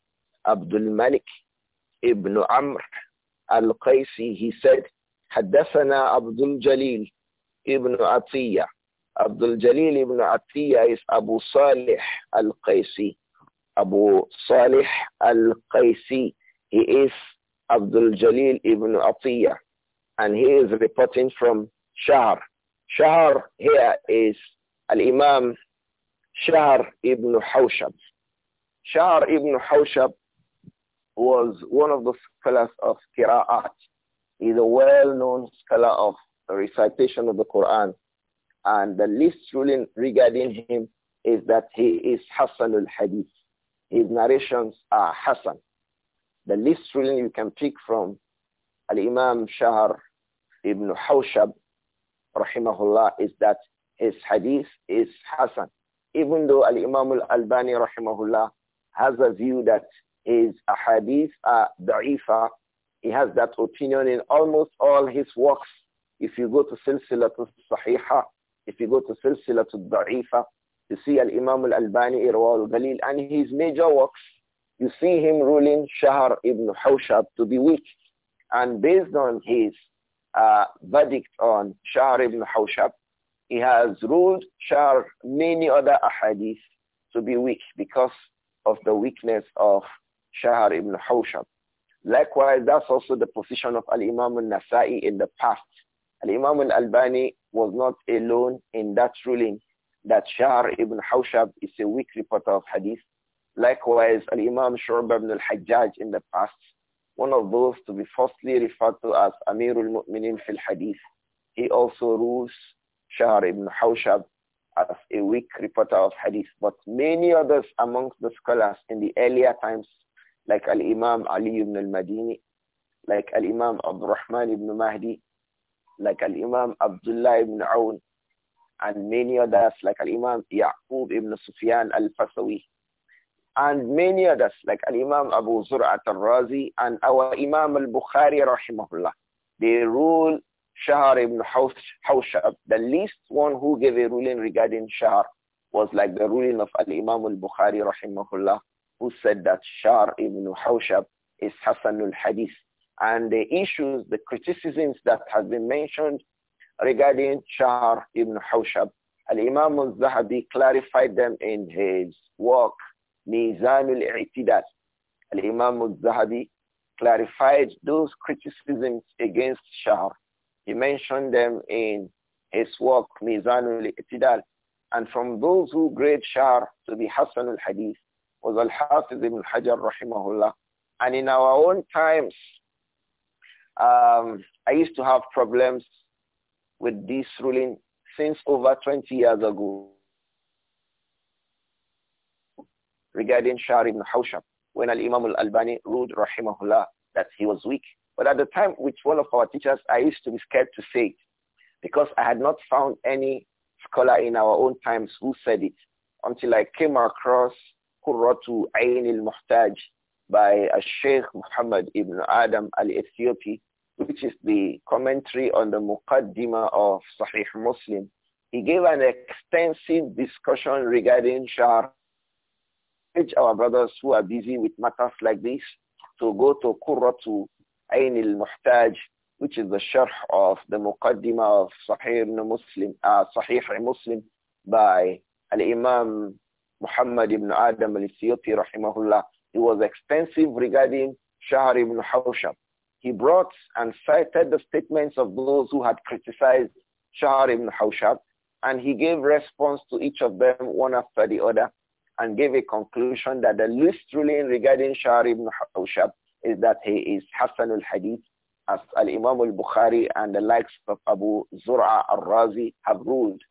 Abdul Malik Ibn Amr al Qaisi. he said, حدثنا Abdul Jalil Ibn عطية Abdul Jalil Ibn عطية is Abu Salih al Qaisi. Abu Salih al Qaisi is Abdul Jalil ibn Atiyah and he is reporting from Shar. Shar here is Al-Imam Shar ibn Hawshab. Shar ibn Hawshab was one of the scholars of Qira'at. He's a well-known scholar of recitation of the Quran. And the least ruling regarding him is that he is Hassan al-Hadith. His narrations are Hassan. The least ruling you can pick from Al-Imam Shahr ibn Hawshab, rahimahullah, is that his hadith is Hassan. Even though Al-Imam Al-Albani rahimahullah has a view that his hadith are da'ifa, he has that opinion in almost all his works. If you go to Silsilatul Sahiha, if you go to Silsilatul Da'ifa, you see Al-Imam Al-Albani, Irwa al and his major works, you see him ruling Shahar ibn Hawshab to be weak. And based on his uh, verdict on Shahar ibn Hawshab, he has ruled Shar many other ahadith to be weak because of the weakness of Shahar ibn Hawshab. Likewise, that's also the position of Al-Imam al-Nasai in the past. Al-Imam al-Albani was not alone in that ruling that Shahar ibn Hawshab is a weak reporter of hadith. Likewise, Al-Imam Shu'b ibn al-Hajjaj in the past, one of those to be firstly referred to as Amirul Mu'minin fil hadith. He also rules Shahr ibn Hawshab as a weak reporter of hadith, but many others amongst the scholars in the earlier times, like Al-Imam Ali ibn al-Madini, like Al-Imam Rahman ibn Mahdi, like Al-Imam Abdullah ibn Aoun, and many others like Al-Imam Ya'qub ibn Sufyan al-Fasawi, and many others like Al-Imam Abu Zur'at al-Razi and our Imam al-Bukhari rahimahullah. They rule Shahar ibn Hawshab, the least one who gave a ruling regarding Shahar was like the ruling of Al-Imam al-Bukhari rahimahullah, who said that Shahar ibn Hawshab is Hassan al-Hadith. And the issues, the criticisms that have been mentioned regarding Shahar ibn Hawshab, Al-Imam al-Zahabi clarified them in his work, Mizan al-I'tidal. Al-Imam al-Zahabi clarified those criticisms against Shahar he mentioned them in his work Mizanul Itidal. And from those who grade Shar to be Hassan al-Hadith was Al-Hafiz ibn Hajar rahimahullah. And in our own times, um, I used to have problems with this ruling since over 20 years ago regarding Shar ibn Hawshab when Al-Imam al-Albani ruled rahimahullah that he was weak. But at the time with one of our teachers, I used to be scared to say it because I had not found any scholar in our own times who said it until I came across Qurratu Ayn al-Muhtaj by Sheikh Muhammad ibn Adam al-Ethiopi, which is the commentary on the Muqaddima of Sahih Muslim. He gave an extensive discussion regarding Shar. our brothers who are busy with matters like this to go to Qurratu al-Muhtaj, which is the sharh of the Muqaddimah of Sahih Muslim, uh, Sahih Muslim by Al-Imam Muhammad ibn Adam al-Siyuti rahimahullah. He was extensive regarding Shahr ibn Hawshab. He brought and cited the statements of those who had criticized Shahr ibn Hawshab and he gave response to each of them one after the other and gave a conclusion that the least ruling regarding Shahr ibn Hawshab is that he is Hassan al-Hadith as al-Imam al-Bukhari and the likes of Abu Zur'a al-Razi have ruled.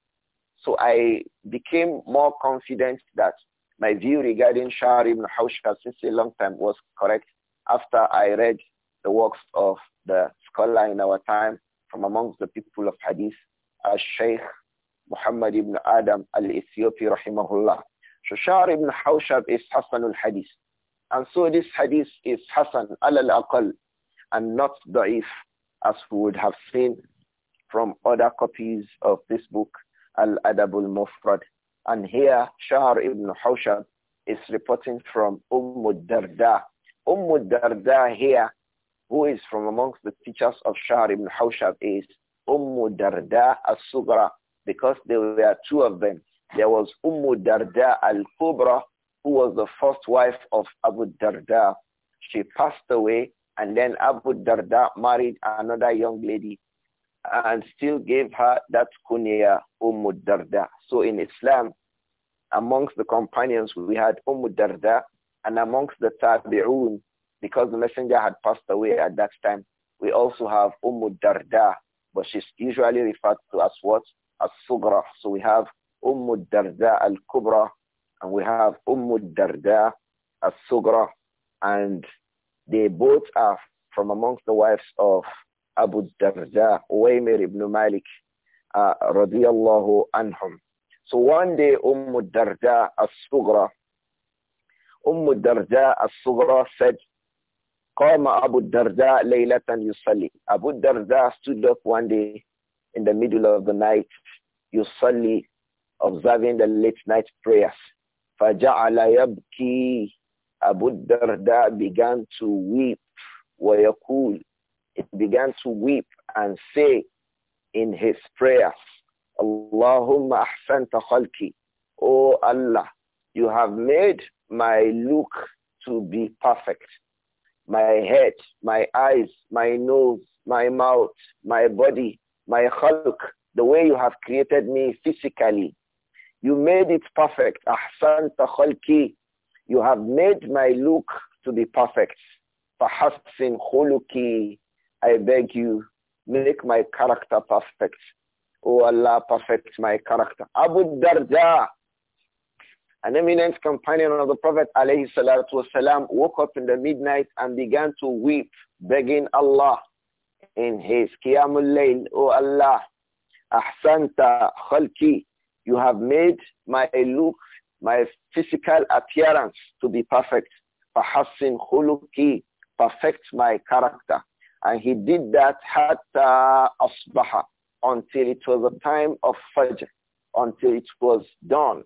So I became more confident that my view regarding Shah ibn Hawshka since a long time was correct after I read the works of the scholar in our time from amongst the people of Hadith, Al-Sheikh Muhammad ibn Adam al-Ethiopi rahimahullah. So Shah ibn Hawshab is Hassan al-Hadith. And so this hadith is Hassan al-Aqal and not Da'if as we would have seen from other copies of this book, Al-Adabul Mufrad. And here, Shahar ibn Hawshab is reporting from Umm al-Darda. Umm darda here, who is from amongst the teachers of Shahar ibn Hawshab, is Umm al-Darda al-Sugra, because there were two of them. There was Umm darda al-Kubra, who was the first wife of Abu Darda. She passed away and then Abu Darda married another young lady and still gave her that kunya Umm Darda. So in Islam, amongst the companions, we had Umm Darda and amongst the Tabi'un, because the messenger had passed away at that time, we also have Umm Darda, but she's usually referred to as what? As Sugra. So we have Umm Darda al-Kubra and we have Umm Darda As-Sugra. And they both are from amongst the wives of Abu Darda, Uwaymir ibn Malik, uh, radiyallahu anhum. So one day Umm Darda As-Sugra, Umm Darda As-Sugra said, "Qama Abu Darja laylatan يصلي. Abu Darda stood up one day in the middle of the night, يصلي, observing the late night prayers. فَجَعَلَ يَبْكِي Abu Darda began to weep. وَيَقُولُ It began to weep and say in his prayers, Allahumma ahsanta خلقي O Allah, you have made my look to be perfect. My head, my eyes, my nose, my mouth, my body, my khalq, the way you have created me physically, you made it perfect. Ahsanta khalki. You have made my look to be perfect. Fahassin khuluki. I beg you, make my character perfect. O oh Allah, perfect my character. Abu Darda, an eminent companion of the Prophet alayhi woke up in the midnight and began to weep, begging Allah in his Qiyamul Layl, O oh Allah, Ahsanta khalki, you have made my look, my physical appearance to be perfect. فَحَسِّنْ خُلُقِي Perfect my character. And he did that hatta asbaha until it was the time of Fajr, until it was dawn,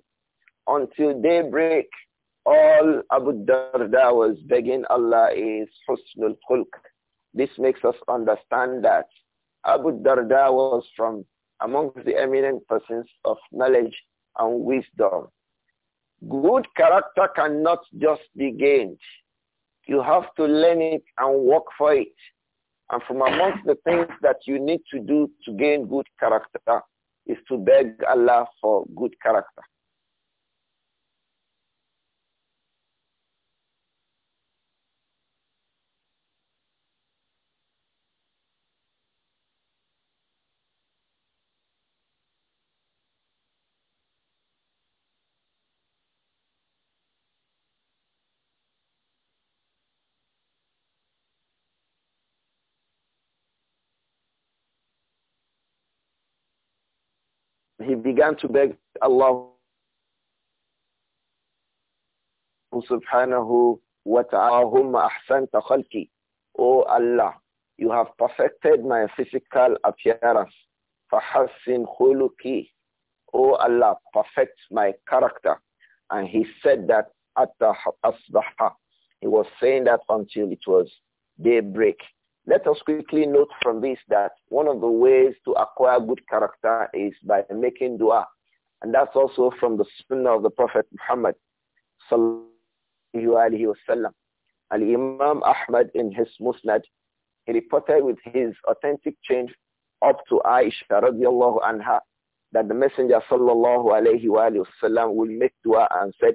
until daybreak. All Abu Darda was begging Allah is husnul khulq. This makes us understand that Abu Darda was from amongst the eminent persons of knowledge and wisdom. Good character cannot just be gained. You have to learn it and work for it. And from amongst the things that you need to do to gain good character is to beg Allah for good character. he began to beg Allah subhanahu wa ta'ala, ahsanta khalqi. O Allah, you have perfected my physical appearance. Fahassin khuluki. O Allah, perfect my character. And he said that at the asbaha. He was saying that until it was daybreak. Let us quickly note from this that one of the ways to acquire good character is by making dua. And that's also from the sunnah of the Prophet Muhammad sallallahu alayhi wasallam. Al-Imam Ahmad in his musnad, he reported with his authentic change up to Aisha radiallahu anha that the Messenger sallallahu alayhi wa sallam will make dua and said,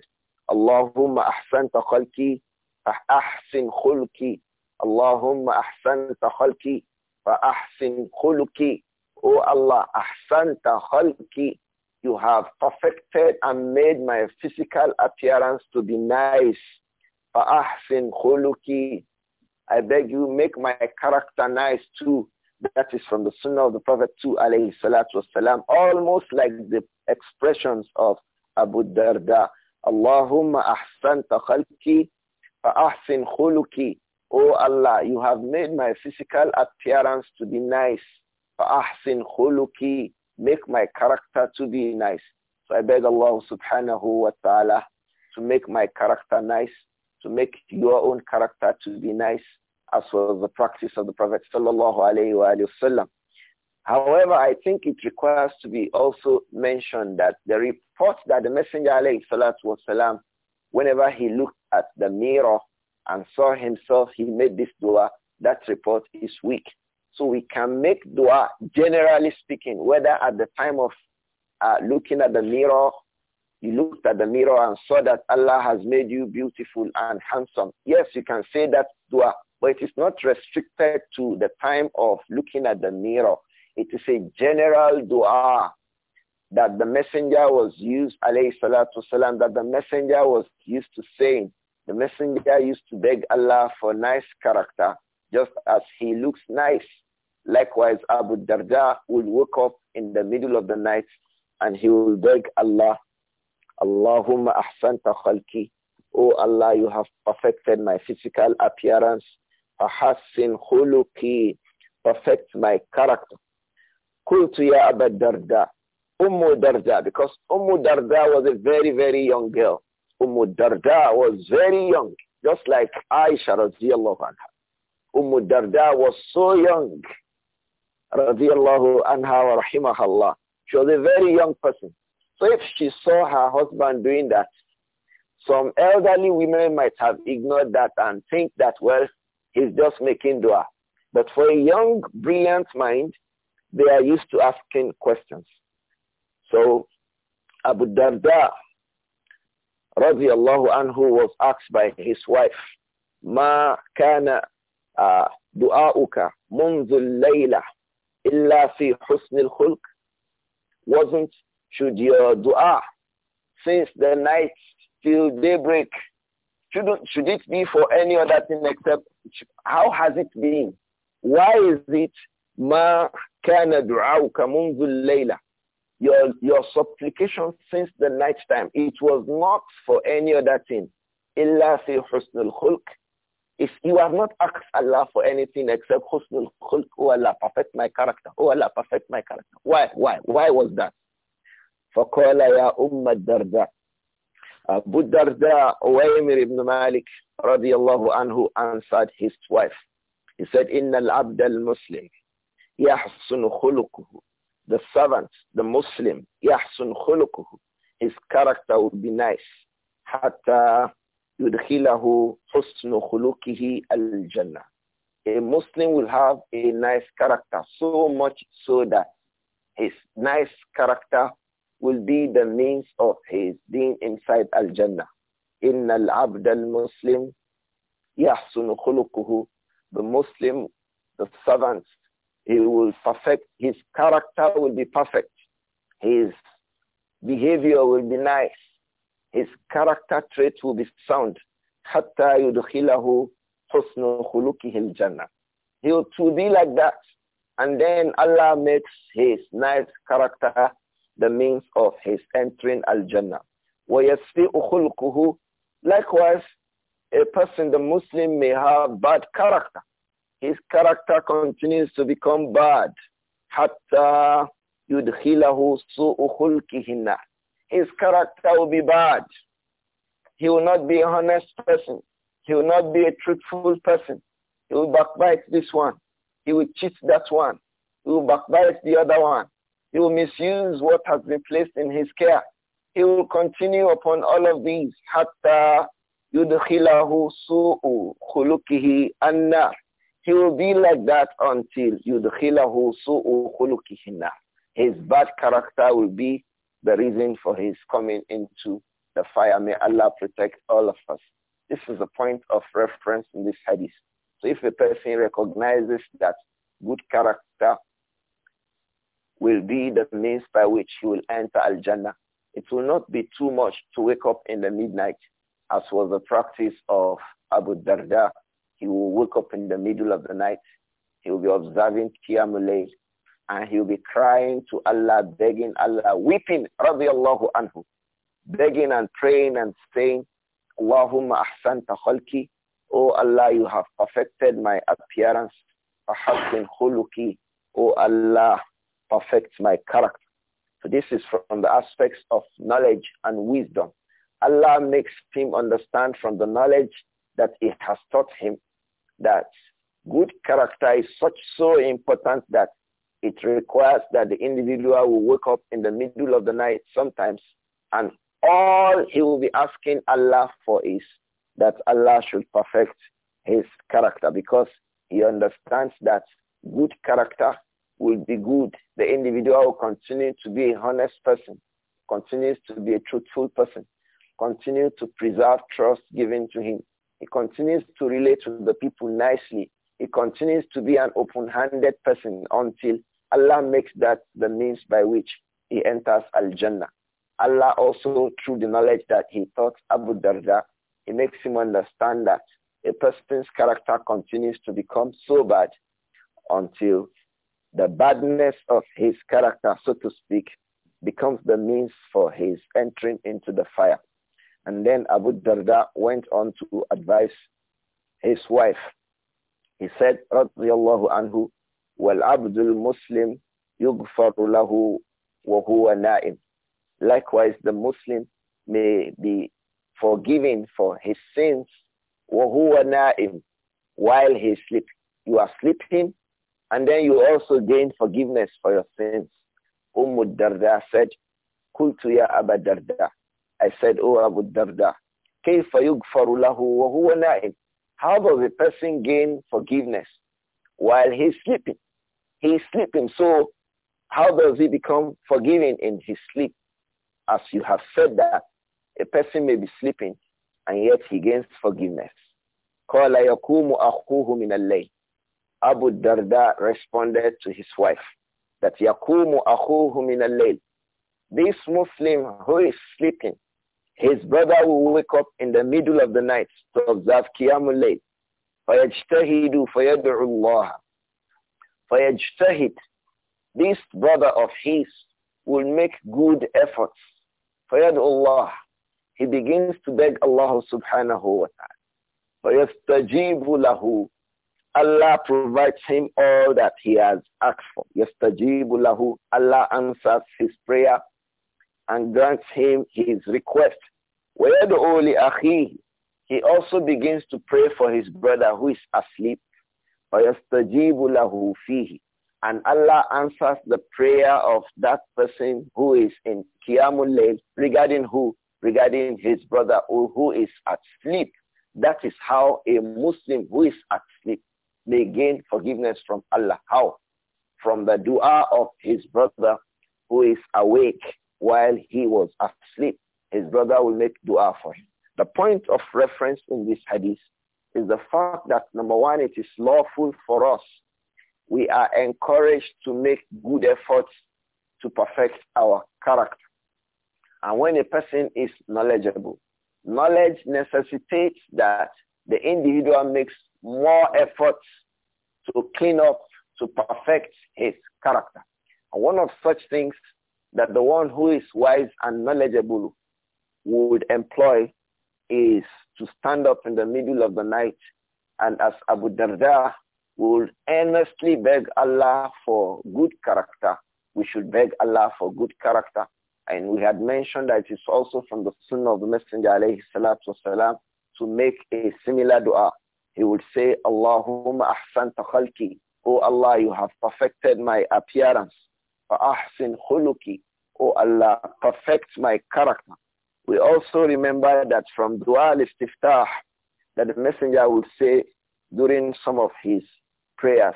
Allahumma ahsanta khalki, ahsin khulki, Allahumma ahsanta khalqi wa ahsin khuluki. O Allah, ahsanta khalqi. You have perfected and made my physical appearance to be nice. Wa ahsin khuluki. I beg you, make my character nice too. That is from the Sunnah of the Prophet too, alayhi salatu wasalam. Almost like the expressions of Abu Darda. Allahumma ahsanta khalqi fa ahsin khuluqi oh Allah, you have made my physical appearance to be nice. ahsin خُلُقِي Make my character to be nice. So I beg Allah subhanahu wa ta'ala to make my character nice, to make your own character to be nice, as was the practice of the Prophet sallallahu alayhi wa, sallam. However, I think it requires to be also mentioned that the report that the Messenger alayhi salatu wasalam, whenever he looked at the mirror, and saw himself he made this dua, that report is weak. So we can make dua, generally speaking, whether at the time of uh, looking at the mirror, you looked at the mirror and saw that Allah has made you beautiful and handsome. Yes, you can say that dua, but it is not restricted to the time of looking at the mirror. It is a general dua that the messenger was used, alayhi salatu salam, that the messenger was used to saying the messenger used to beg Allah for nice character, just as he looks nice. Likewise, Abu Darda would wake up in the middle of the night and he would beg Allah, Allahumma ahsanta khalki. Oh Allah, you have perfected my physical appearance. Ahassin khuluki. Perfect my character. Kultu ya Abu Darda. Ummu Darda, because Ummu Darda was a very, very young girl. Umm Darda was very young, just like Aisha radiallahu anha. Umm Darda was so young, radiallahu anha wa rahimahullah. She was a very young person. So if she saw her husband doing that, some elderly women might have ignored that and think that, well, he's just making dua. But for a young, brilliant mind, they are used to asking questions. So Abu Darda radiallahu anhu was asked by his wife, "Ma kana uh, du'auka منذ الليلة إلا في حسن الخلق wasn't should your dua since the night till daybreak should, should it be for any other thing except how has it been why is it ma kana du'auka منذ الليلة your, your supplication since the night time, it was not for any other thing. إِلَّا فِي "Husnul khulq." If you have not asked Allah for anything except husnul khulq, Oh Allah, perfect my character. Oh Allah, perfect my character. Why? Why? Why was that? فَقَالَ يَا أُمَّ الدَّرْدَى Abu Darda Uwaymir ibn Malik radiallahu anhu answered his wife. He said, إِنَّ الْعَبْدَ الْمُسْلِمِ يَحْسُنُ خُلُقُهُ the servant, the Muslim, يحسن خلقه, his character would be nice. حتى يدخله حسن خلقه الجنة. A Muslim will have a nice character, so much so that his nice character will be the means of his being inside Al-Jannah. إن العبد المسلم يحسن خلقه The Muslim, the servant, he will perfect, his character will be perfect. His behavior will be nice. His character trait will be sound. Hatta يدخله حسن خلقه الجنة. He will be like that. And then Allah makes his nice character the means of his entering Al-Jannah. وَيَسْفِئُ خُلْقُهُ Likewise, a person, the Muslim, may have bad character his character continues to become bad. Hatta His character will be bad. He will not be a honest person. He will not be a truthful person. He will backbite this one. He will cheat that one. He will backbite the other one. He will misuse what has been placed in his care. He will continue upon all of these. Hatta he will be like that until His bad character will be the reason for his coming into the fire. May Allah protect all of us. This is a point of reference in this hadith. So if a person recognizes that good character will be the means by which he will enter Al-Jannah, it will not be too much to wake up in the midnight, as was the practice of Abu Darda he will wake up in the middle of the night. He will be observing Qiyamul and he will be crying to Allah, begging Allah, weeping, radiallahu anhu, begging and praying and saying, Allahumma Ahsan khalki, O oh Allah, you have perfected my appearance, ahsan khuluki, O oh Allah, perfect my character. So this is from the aspects of knowledge and wisdom. Allah makes him understand from the knowledge that he has taught him that good character is such so important that it requires that the individual will wake up in the middle of the night sometimes and all he will be asking Allah for is that Allah should perfect his character because he understands that good character will be good. The individual will continue to be a honest person, continues to be a truthful person, continue to preserve trust given to him, he continues to relate to the people nicely. He continues to be an open-handed person until Allah makes that the means by which he enters Al-Jannah. Allah also, through the knowledge that he taught Abu Darda, he makes him understand that a person's character continues to become so bad until the badness of his character, so to speak, becomes the means for his entering into the fire. And then Abu Darda went on to advise his wife. He said, radiyallahu anhu, wal abdul muslim yughfaru lahu wa huwa na'im. Likewise, the Muslim may be forgiven for his sins wa huwa na'im while he sleeps. You are sleeping and then you also gain forgiveness for your sins. Umm Darda said, Kultu ya Abu Darda, I said, Oh Abu Darda, كيف يغفر وهو How does a person gain forgiveness while he's sleeping? He's sleeping, so how does he become forgiving in his sleep? As you have said that, a person may be sleeping and yet he gains forgiveness. أخوه من الليل. Abu Darda responded to his wife that يقوم أخوه من الليل. This Muslim who is sleeping, his brother will wake up in the middle of the night to observe Qiyamul Layl. فَيَجْتَهِدُ فَيَدْعُ اللَّهَ فَيَجْتَهِد This brother of his will make good efforts. فَيَدْعُ اللَّهَ He begins to beg Allah subhanahu wa ta'ala. فَيَسْتَجِيبُ لَهُ Allah provides him all that he has asked for. يَسْتَجِيبُ لَهُ Allah answers his prayer and grants him his request. وَيَدْعُوا لِأَخِيهِ He also begins to pray for his brother who is asleep. وَيَسْتَجِيبُ لَهُ فِيهِ And Allah answers the prayer of that person who is in Qiyamul Layl regarding who? Regarding his brother who is at sleep. That is how a Muslim who is at sleep may gain forgiveness from Allah. How? From the dua of his brother who is awake while he was asleep his brother will make dua for him. The point of reference in this hadith is the fact that number one, it is lawful for us. We are encouraged to make good efforts to perfect our character. And when a person is knowledgeable, knowledge necessitates that the individual makes more efforts to clean up, to perfect his character. And one of such things that the one who is wise and knowledgeable would employ is to stand up in the middle of the night and as Abu Darda would earnestly beg Allah for good character. We should beg Allah for good character. And we had mentioned that it's also from the Sunnah of the Messenger alayhi salatu wasalam to make a similar dua. He would say, Allahumma ahsan khalki. O Allah, you have perfected my appearance. Fa ahsin khuluki. O Allah, perfect my character. We also remember that from Dua al-Istiftah, that the messenger would say during some of his prayers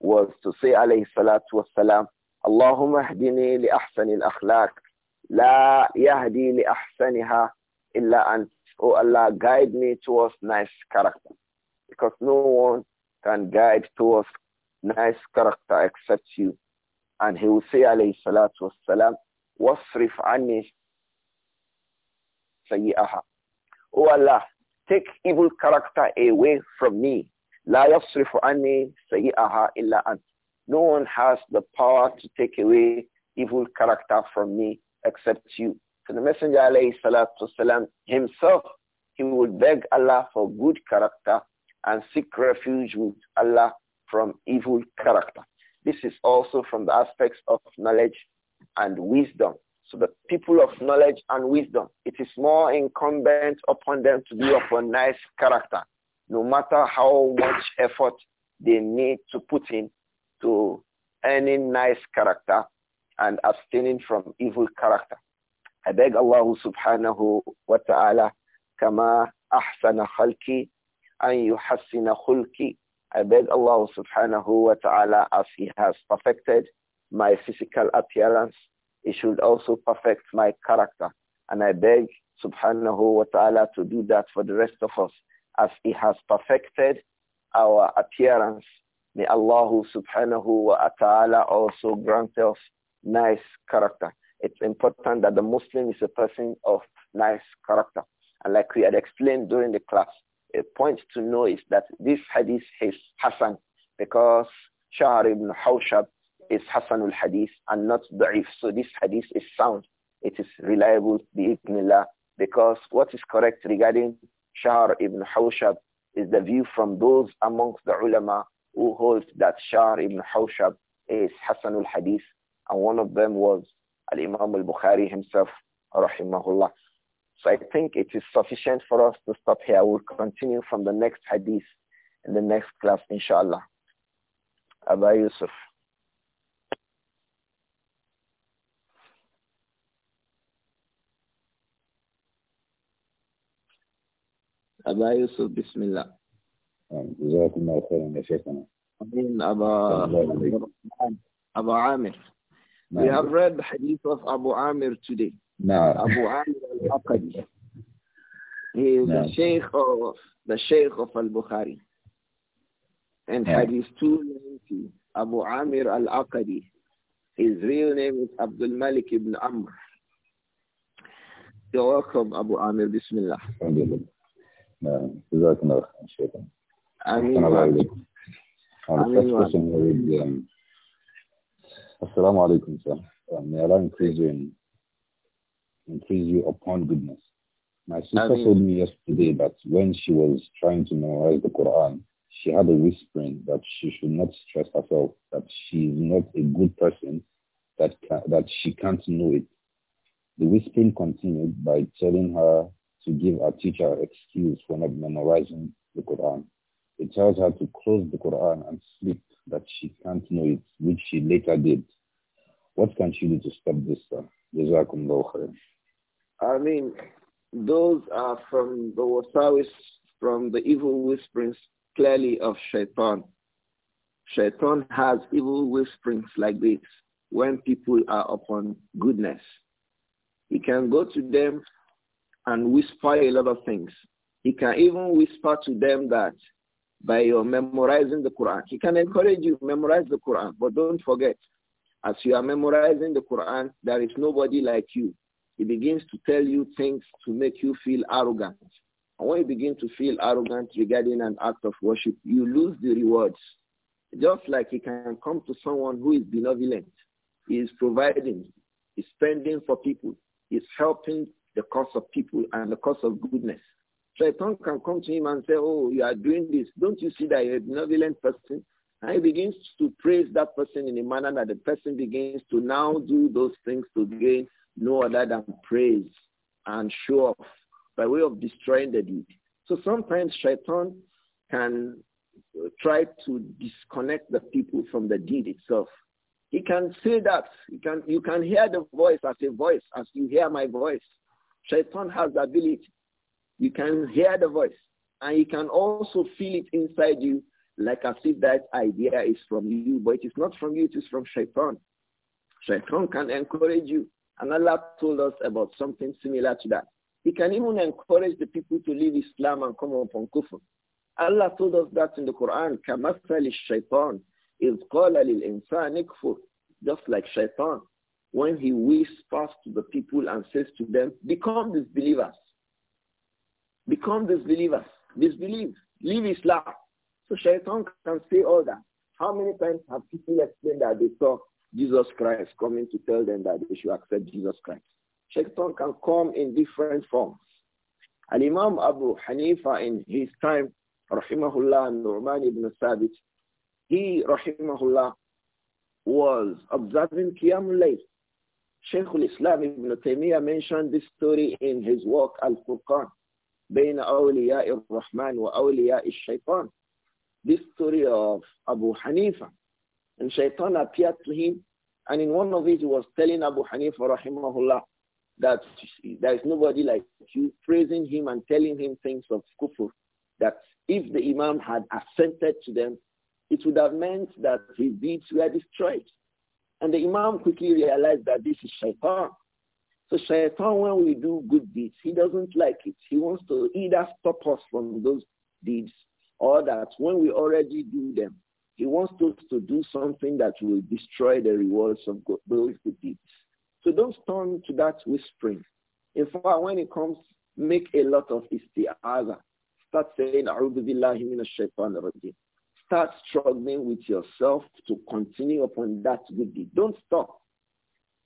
was to say alayhi salatu wassalam, Allahumma ahdini li ahsani al-akhlaq, la yahdi li ahsaniha illa ant. Oh Allah, guide me towards nice character. Because no one can guide towards nice character except you. And he will say alayhi salatu wassalam, wasrif anni sayyi'aha. O oh Allah, take evil character away from me. La yasrifu anni sayyi'aha illa ant. No one has the power to take away evil character from me except you. So the Messenger alayhi salatu wasalam, himself, he would beg Allah for good character and seek refuge with Allah from evil character. This is also from the aspects of knowledge and wisdom so the people of knowledge and wisdom, it is more incumbent upon them to be of a nice character, no matter how much effort they need to put in to any nice character and abstaining from evil character. I beg Allah subhanahu wa ta'ala, kama ahsana khalki, an yuhassina khulki. I beg Allah subhanahu wa ta'ala as he has perfected my physical appearance, it should also perfect my character. And I beg subhanahu wa ta'ala to do that for the rest of us as he has perfected our appearance. May Allah subhanahu wa ta'ala also grant us nice character. It's important that the Muslim is a person of nice character. And like we had explained during the class, a point to know is that this hadith is Hassan because Shahr ibn Hawshab is al Hadith and not Da'if. So this Hadith is sound. It is reliable, bi'idhnillah, because what is correct regarding Shahr ibn Hawshab is the view from those amongst the ulama who hold that Shahr ibn Hawshab is al Hadith, and one of them was Al-Imam al-Bukhari himself, rahimahullah. So I think it is sufficient for us to stop here. We'll continue from the next hadith in the next class, inshallah. Aba Yusuf. Aba Yusuf, Bismillah. جزاكم الله خيرا يا شيخنا. Aba, Abu Amir. We have read the hadith of Abu Amir today. No. Abu Amir al-Aqadi. He is no. the Sheikh of the Sheikh of al-Bukhari. And no. hadith 290, Abu Amir al-Aqadi. His real name is Abdul Malik ibn Amr. You're welcome, Abu Amir. Bismillah. نعم جزاك الله خير شكرا أمين First question here is, um, Assalamu alaikum, sir. Um, may Allah increase you in, increase you upon goodness. My sister Ameen. told me yesterday that when she was trying to memorize the Quran, she had a whispering that she should not stress herself, that she is not a good person, that, that she can't know it. The whispering continued by telling her to give our teacher excuse for not memorizing the Quran. It tells her to close the Quran and sleep that she can't know it, which she later did. What can she do to stop this? I mean, those are from the wasawis, from the evil whisperings clearly of shaitan. Shaitan has evil whisperings like this when people are upon goodness. He can go to them and whisper a lot of things. He can even whisper to them that by your memorizing the Quran, he can encourage you, to memorize the Quran, but don't forget, as you are memorizing the Quran, there is nobody like you. He begins to tell you things to make you feel arrogant. And when you begin to feel arrogant regarding an act of worship, you lose the rewards. Just like he can come to someone who is benevolent, he is providing, he's spending for people, he's helping the cause of people and the cause of goodness. Shaitan can come to him and say, oh, you are doing this. Don't you see that you're a benevolent person? And he begins to praise that person in a manner that the person begins to now do those things to gain no other than praise and show off by way of destroying the deed. So sometimes shaitan can try to disconnect the people from the deed itself. He can say that. He can, you can hear the voice as a voice, as you hear my voice. Shaitan has the ability. You can hear the voice and you can also feel it inside you like as if that idea is from you, but it is not from you, it is from Shaitan. Shaitan can encourage you. And Allah told us about something similar to that. He can even encourage the people to leave Islam and come upon kufr. Allah told us that in the Quran, كَمَثَلِ الشَّيْطَانِ إِذْ قَالَ لِلْإِنسَانِ كُفُرْ Just like Shaitan when he whispers to the people and says to them, become disbelievers. Become disbelievers. Disbelieve. Leave Islam. So Shaitan can say all that. How many times have people explained that they saw Jesus Christ coming to tell them that they should accept Jesus Christ? Shaitan can come in different forms. And Imam Abu Hanifa in his time, Rahimahullah Nu'man ibn Sabit, he, Rahimahullah, was observing Qiyamul Layl. Shaykh al-Islam ibn Taymiyyah mentioned this story in his work Al-Furqan, Bain Awliya al-Rahman wa Awliya al-Shaytan. This story of Abu Hanifa. And Shaitan appeared to him, and in one of it he was telling Abu Hanifa rahimahullah that there is nobody like you, praising him and telling him things of kufr, that if the Imam had assented to them, it would have meant that his deeds were destroyed. And the Imam quickly realized that this is shaitan. So shaitan, when we do good deeds, he doesn't like it. He wants to either stop us from those deeds or that when we already do them, he wants us to do something that will destroy the rewards of those good deeds. So don't turn to that whispering. In fact, when it comes, make a lot of isti'aza. Start saying, Start struggling with yourself to continue upon that good deed. Don't stop.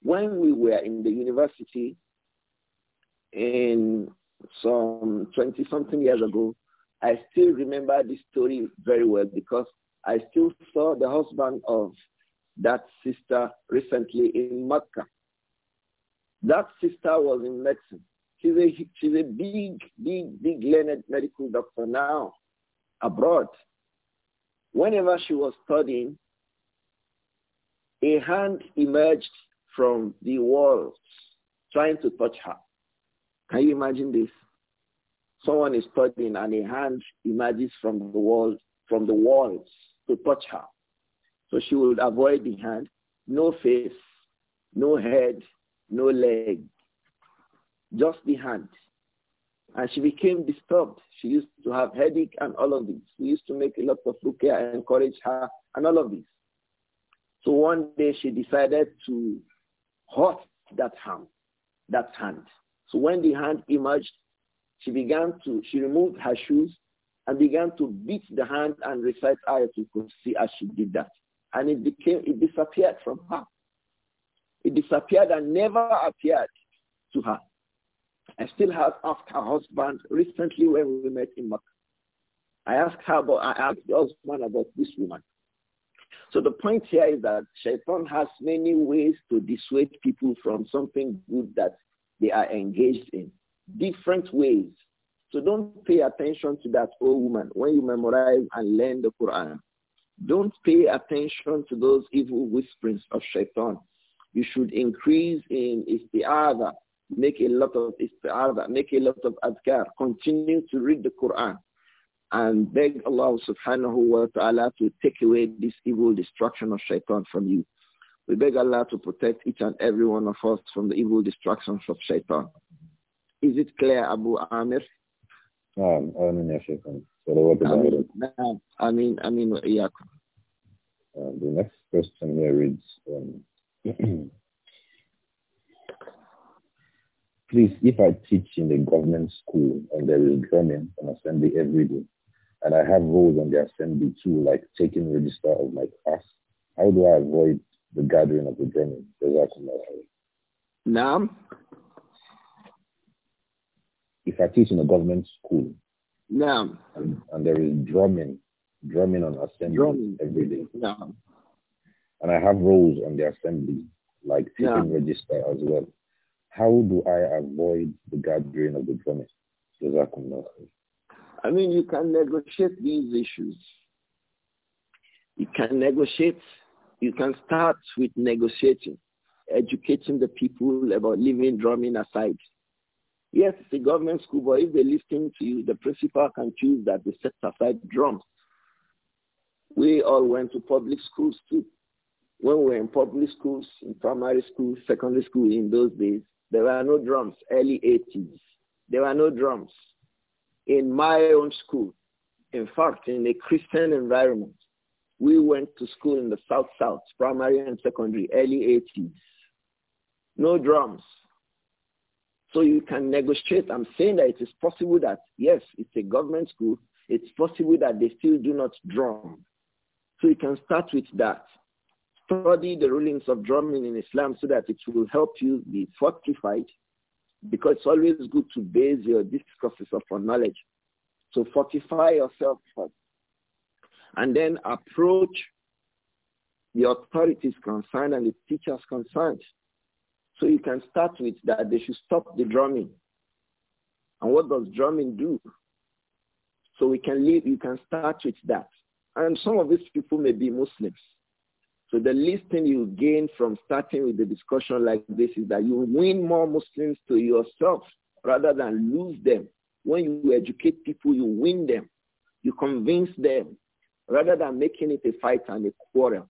When we were in the university in some 20 something years ago, I still remember this story very well because I still saw the husband of that sister recently in Mecca. That sister was in medicine. She's a, she's a big, big, big learned medical doctor now abroad. Whenever she was studying, a hand emerged from the walls trying to touch her. Can you imagine this? Someone is studying and a hand emerges from the wall from the walls to touch her. So she would avoid the hand, no face, no head, no leg, just the hand. And she became disturbed. She used to have headache and all of this. We used to make a lot of here and encourage her and all of this. So one day she decided to hurt that hand, that hand. So when the hand emerged, she began to, she removed her shoes and began to beat the hand and recite Ayatul see as she did that. And it became, it disappeared from her. It disappeared and never appeared to her. I still have asked her husband recently when we met in Makkah. I asked her about, I asked the husband about this woman. So the point here is that Shaitan has many ways to dissuade people from something good that they are engaged in. Different ways. So don't pay attention to that, old woman, when you memorize and learn the Quran. Don't pay attention to those evil whisperings of Shaitan. You should increase in isti'adha, Make a lot of isti'adah, make a lot of adkar. Continue to read the Quran and beg Allah subhanahu wa ta'ala to take away this evil destruction of shaitan from you. We beg Allah to protect each and every one of us from the evil distractions of shaitan. Is it clear, Abu Amir? Um, I mean, I mean, I mean, yeah. Uh, the next question here reads, um, Please, if I teach in a government school and there is drumming on assembly every day, and I have roles on the assembly too, like taking register of my class, how do I avoid the gathering of the drumming? Now, if I teach in a government school, now, and, and, there is drumming, drumming on assembly drumming. every day, now. and I have roles on the assembly, like taking now. register as well. How do I avoid the gathering of the promise? I mean, you can negotiate these issues. You can negotiate. You can start with negotiating, educating the people about leaving drumming aside. Yes, the government school, but if they listen to you, the principal can choose that they set aside drums. We all went to public schools too. When we were in public schools, in primary school, secondary school in those days, there were no drums, early 80s. There were no drums in my own school. In fact, in a Christian environment, we went to school in the South South, primary and secondary, early 80s. No drums. So you can negotiate. I'm saying that it is possible that, yes, it's a government school. It's possible that they still do not drum. So you can start with that study the rulings of drumming in Islam so that it will help you be fortified because it's always good to base your discourses upon knowledge. So fortify yourself first and then approach the authorities concerned and the teachers concerned. So you can start with that they should stop the drumming. And what does drumming do? So we can leave, you can start with that. And some of these people may be Muslims. So the least thing you gain from starting with the discussion like this is that you win more Muslims to yourself rather than lose them. When you educate people, you win them. You convince them rather than making it a fight and a quarrel.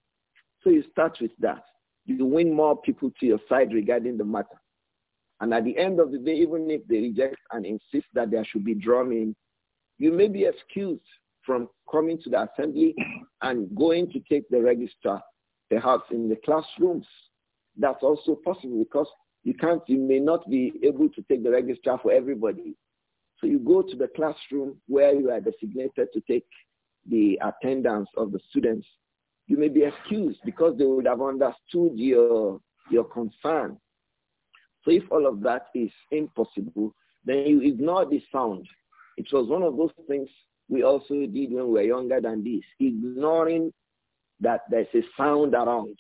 So you start with that. You win more people to your side regarding the matter. And at the end of the day, even if they reject and insist that there should be drumming, you may be excused from coming to the assembly and going to take the register perhaps in the classrooms. That's also possible because you can't, you may not be able to take the registrar for everybody. So you go to the classroom where you are designated to take the attendance of the students. You may be excused because they would have understood your, your concern. So if all of that is impossible, then you ignore the sound. It was one of those things we also did when we were younger than this, ignoring that there's a sound around.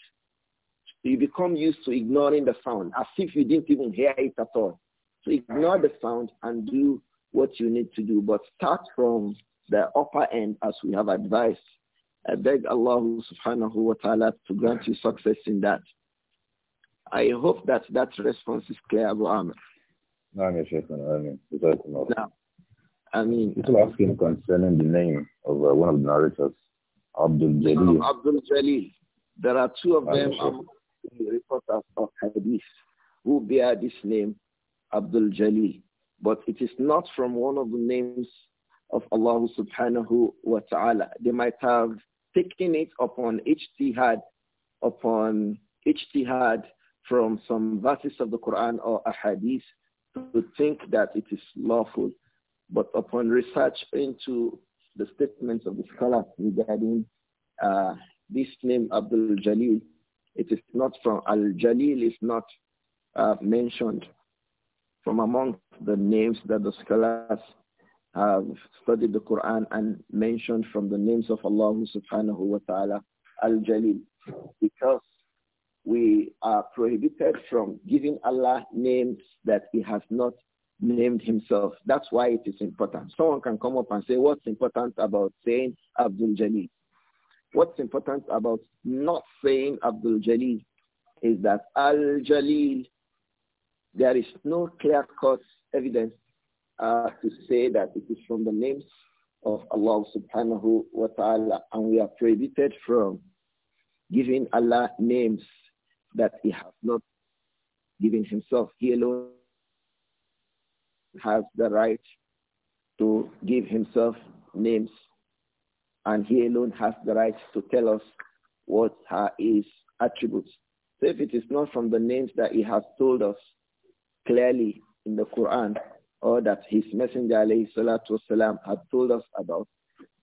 You become used to ignoring the sound as if you didn't even hear it at all. So ignore the sound and do what you need to do, but start from the upper end as we have advised. I beg Allah subhanahu wa ta'ala to grant you success in that. I hope that that response is clear, Abu Amr. no. I mean, people asking concerning the name of uh, one of the narrators. Abdul Jalil. Abdul Jalil. There are two of them among the reporters of hadith who bear this name, Abdul Jalil. But it is not from one of the names of Allah subhanahu wa ta'ala. They might have taken it upon ijtihad, upon ijtihad from some verses of the Quran or hadith to think that it is lawful. But upon research into the statements of the scholars regarding uh, this name Abdul Jalil. It is not from Al Jalil is not uh, mentioned from among the names that the scholars have studied the Quran and mentioned from the names of Allah subhanahu wa ta'ala Al Jalil because we are prohibited from giving Allah names that he has not named himself. That's why it is important. Someone can come up and say, what's important about saying Abdul Jalil? What's important about not saying Abdul Jalil is that Al-Jalil, there is no clear-cut evidence uh, to say that it is from the names of Allah subhanahu wa ta'ala and we are prohibited from giving Allah names that he has not given himself. He alone has the right to give himself names and he alone has the right to tell us what are his attributes. So if it is not from the names that he has told us clearly in the Quran or that his messenger alayhi salatu wasalam had told us about,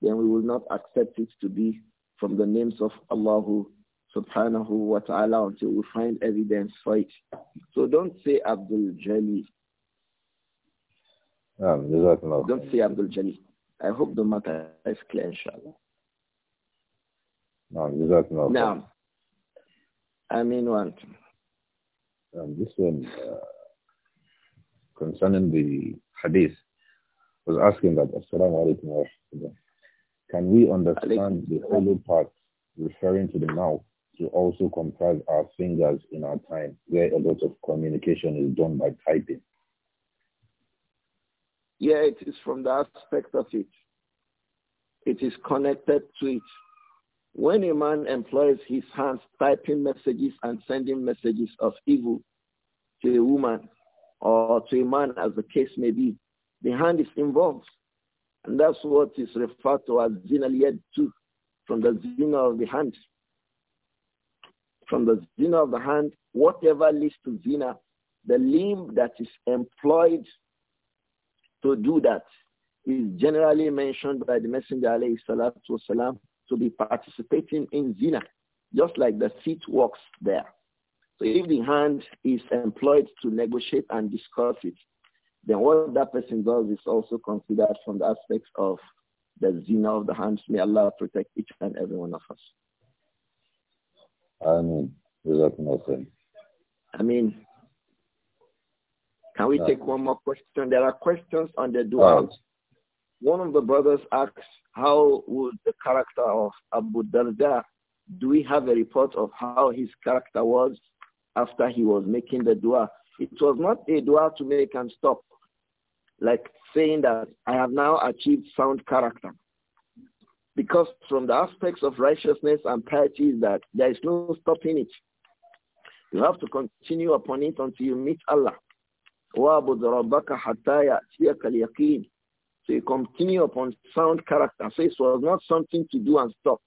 then we will not accept it to be from the names of Allah subhanahu wa ta'ala until we find evidence for it. So don't say Abdul Jalil um, Don't say Abdul Jalil. I hope the matter is clear, inshallah. No, Jazakallah. Now, I mean one. Um, this one, uh, concerning the hadith, was asking that, Assalamu alaikum Can we understand the holy part referring to the mouth to also comprise our fingers in our time where a lot of communication is done by typing? Yeah, it is from the aspect of it. It is connected to it. When a man employs his hands typing messages and sending messages of evil to a woman or to a man as the case may be, the hand is involved. And that's what is referred to as zina yad too, from the zina of the hand. From the zina of the hand, whatever leads to zina, the limb that is employed to do that is generally mentioned by the Messenger of Allah wasalam to be participating in zina, just like the feet works there. So if the hand is employed to negotiate and discuss it, then what that person does is also considered from the aspects of the zina of the hands. May Allah protect each and every one of us. Amen. I mean, can we uh, take one more question? There are questions on the dua. Uh, one of the brothers asks, how would the character of Abu Darda, do we have a report of how his character was after he was making the dua? It was not a dua to make and stop, like saying that I have now achieved sound character. Because from the aspects of righteousness and piety is that there is no stopping it. You have to continue upon it until you meet Allah. وَعْبُدْ رَبَّكَ حَتَّى يَأْتِيَكَ الْيَقِينُ So you continue upon sound character. So it was not something to do and stop.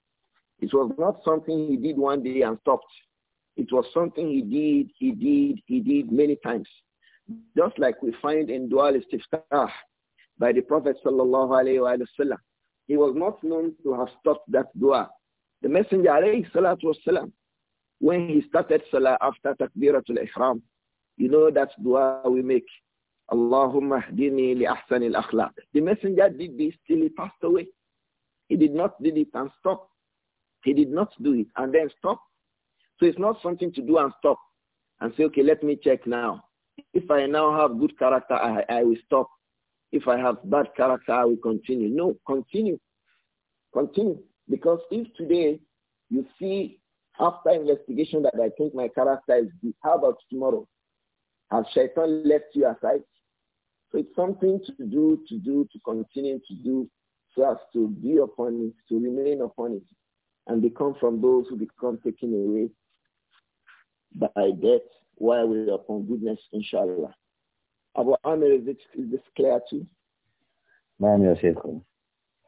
It was not something he did one day and stopped. It was something he did, he did, he did many times. Just like we find in Dua al-Istiftah by the Prophet sallallahu alayhi wasallam. He was not known to have stopped that dua. The Messenger alayhi salatu wasallam when he started salah after takbiratul ihram, you know that dua we make. Allahumma hdini li ahsanil akhlaq. The messenger did this till he passed away. He did not did it and stop. He did not do it and then stop. So it's not something to do and stop and say, okay, let me check now. If I now have good character, I, I will stop. If I have bad character, I will continue. No, continue. Continue. Because if today you see after investigation that I think my character is good, how about tomorrow? Has shaitan left you aside? So it's something to do, to do, to continue to do, so as to be upon it, to remain upon it, and become from those who become taken away by death while we're upon goodness, inshallah. Abu Amir, is, it, is this clear too? نعم يا شيخ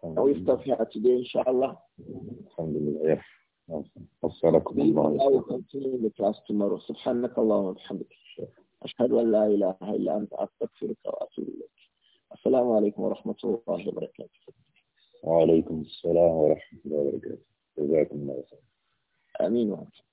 Can we stop here today, inshallah? Alhamdulillah, yes. we I will continue the class tomorrow. سبحانك اللهم وبحمدك. أشهد أن لا إله إلا أنت أستغفرك وأتوب إليك السلام عليكم ورحمة الله وبركاته وعليكم السلام ورحمة الله وبركاته جزاكم الله خيرا آمين وعليكم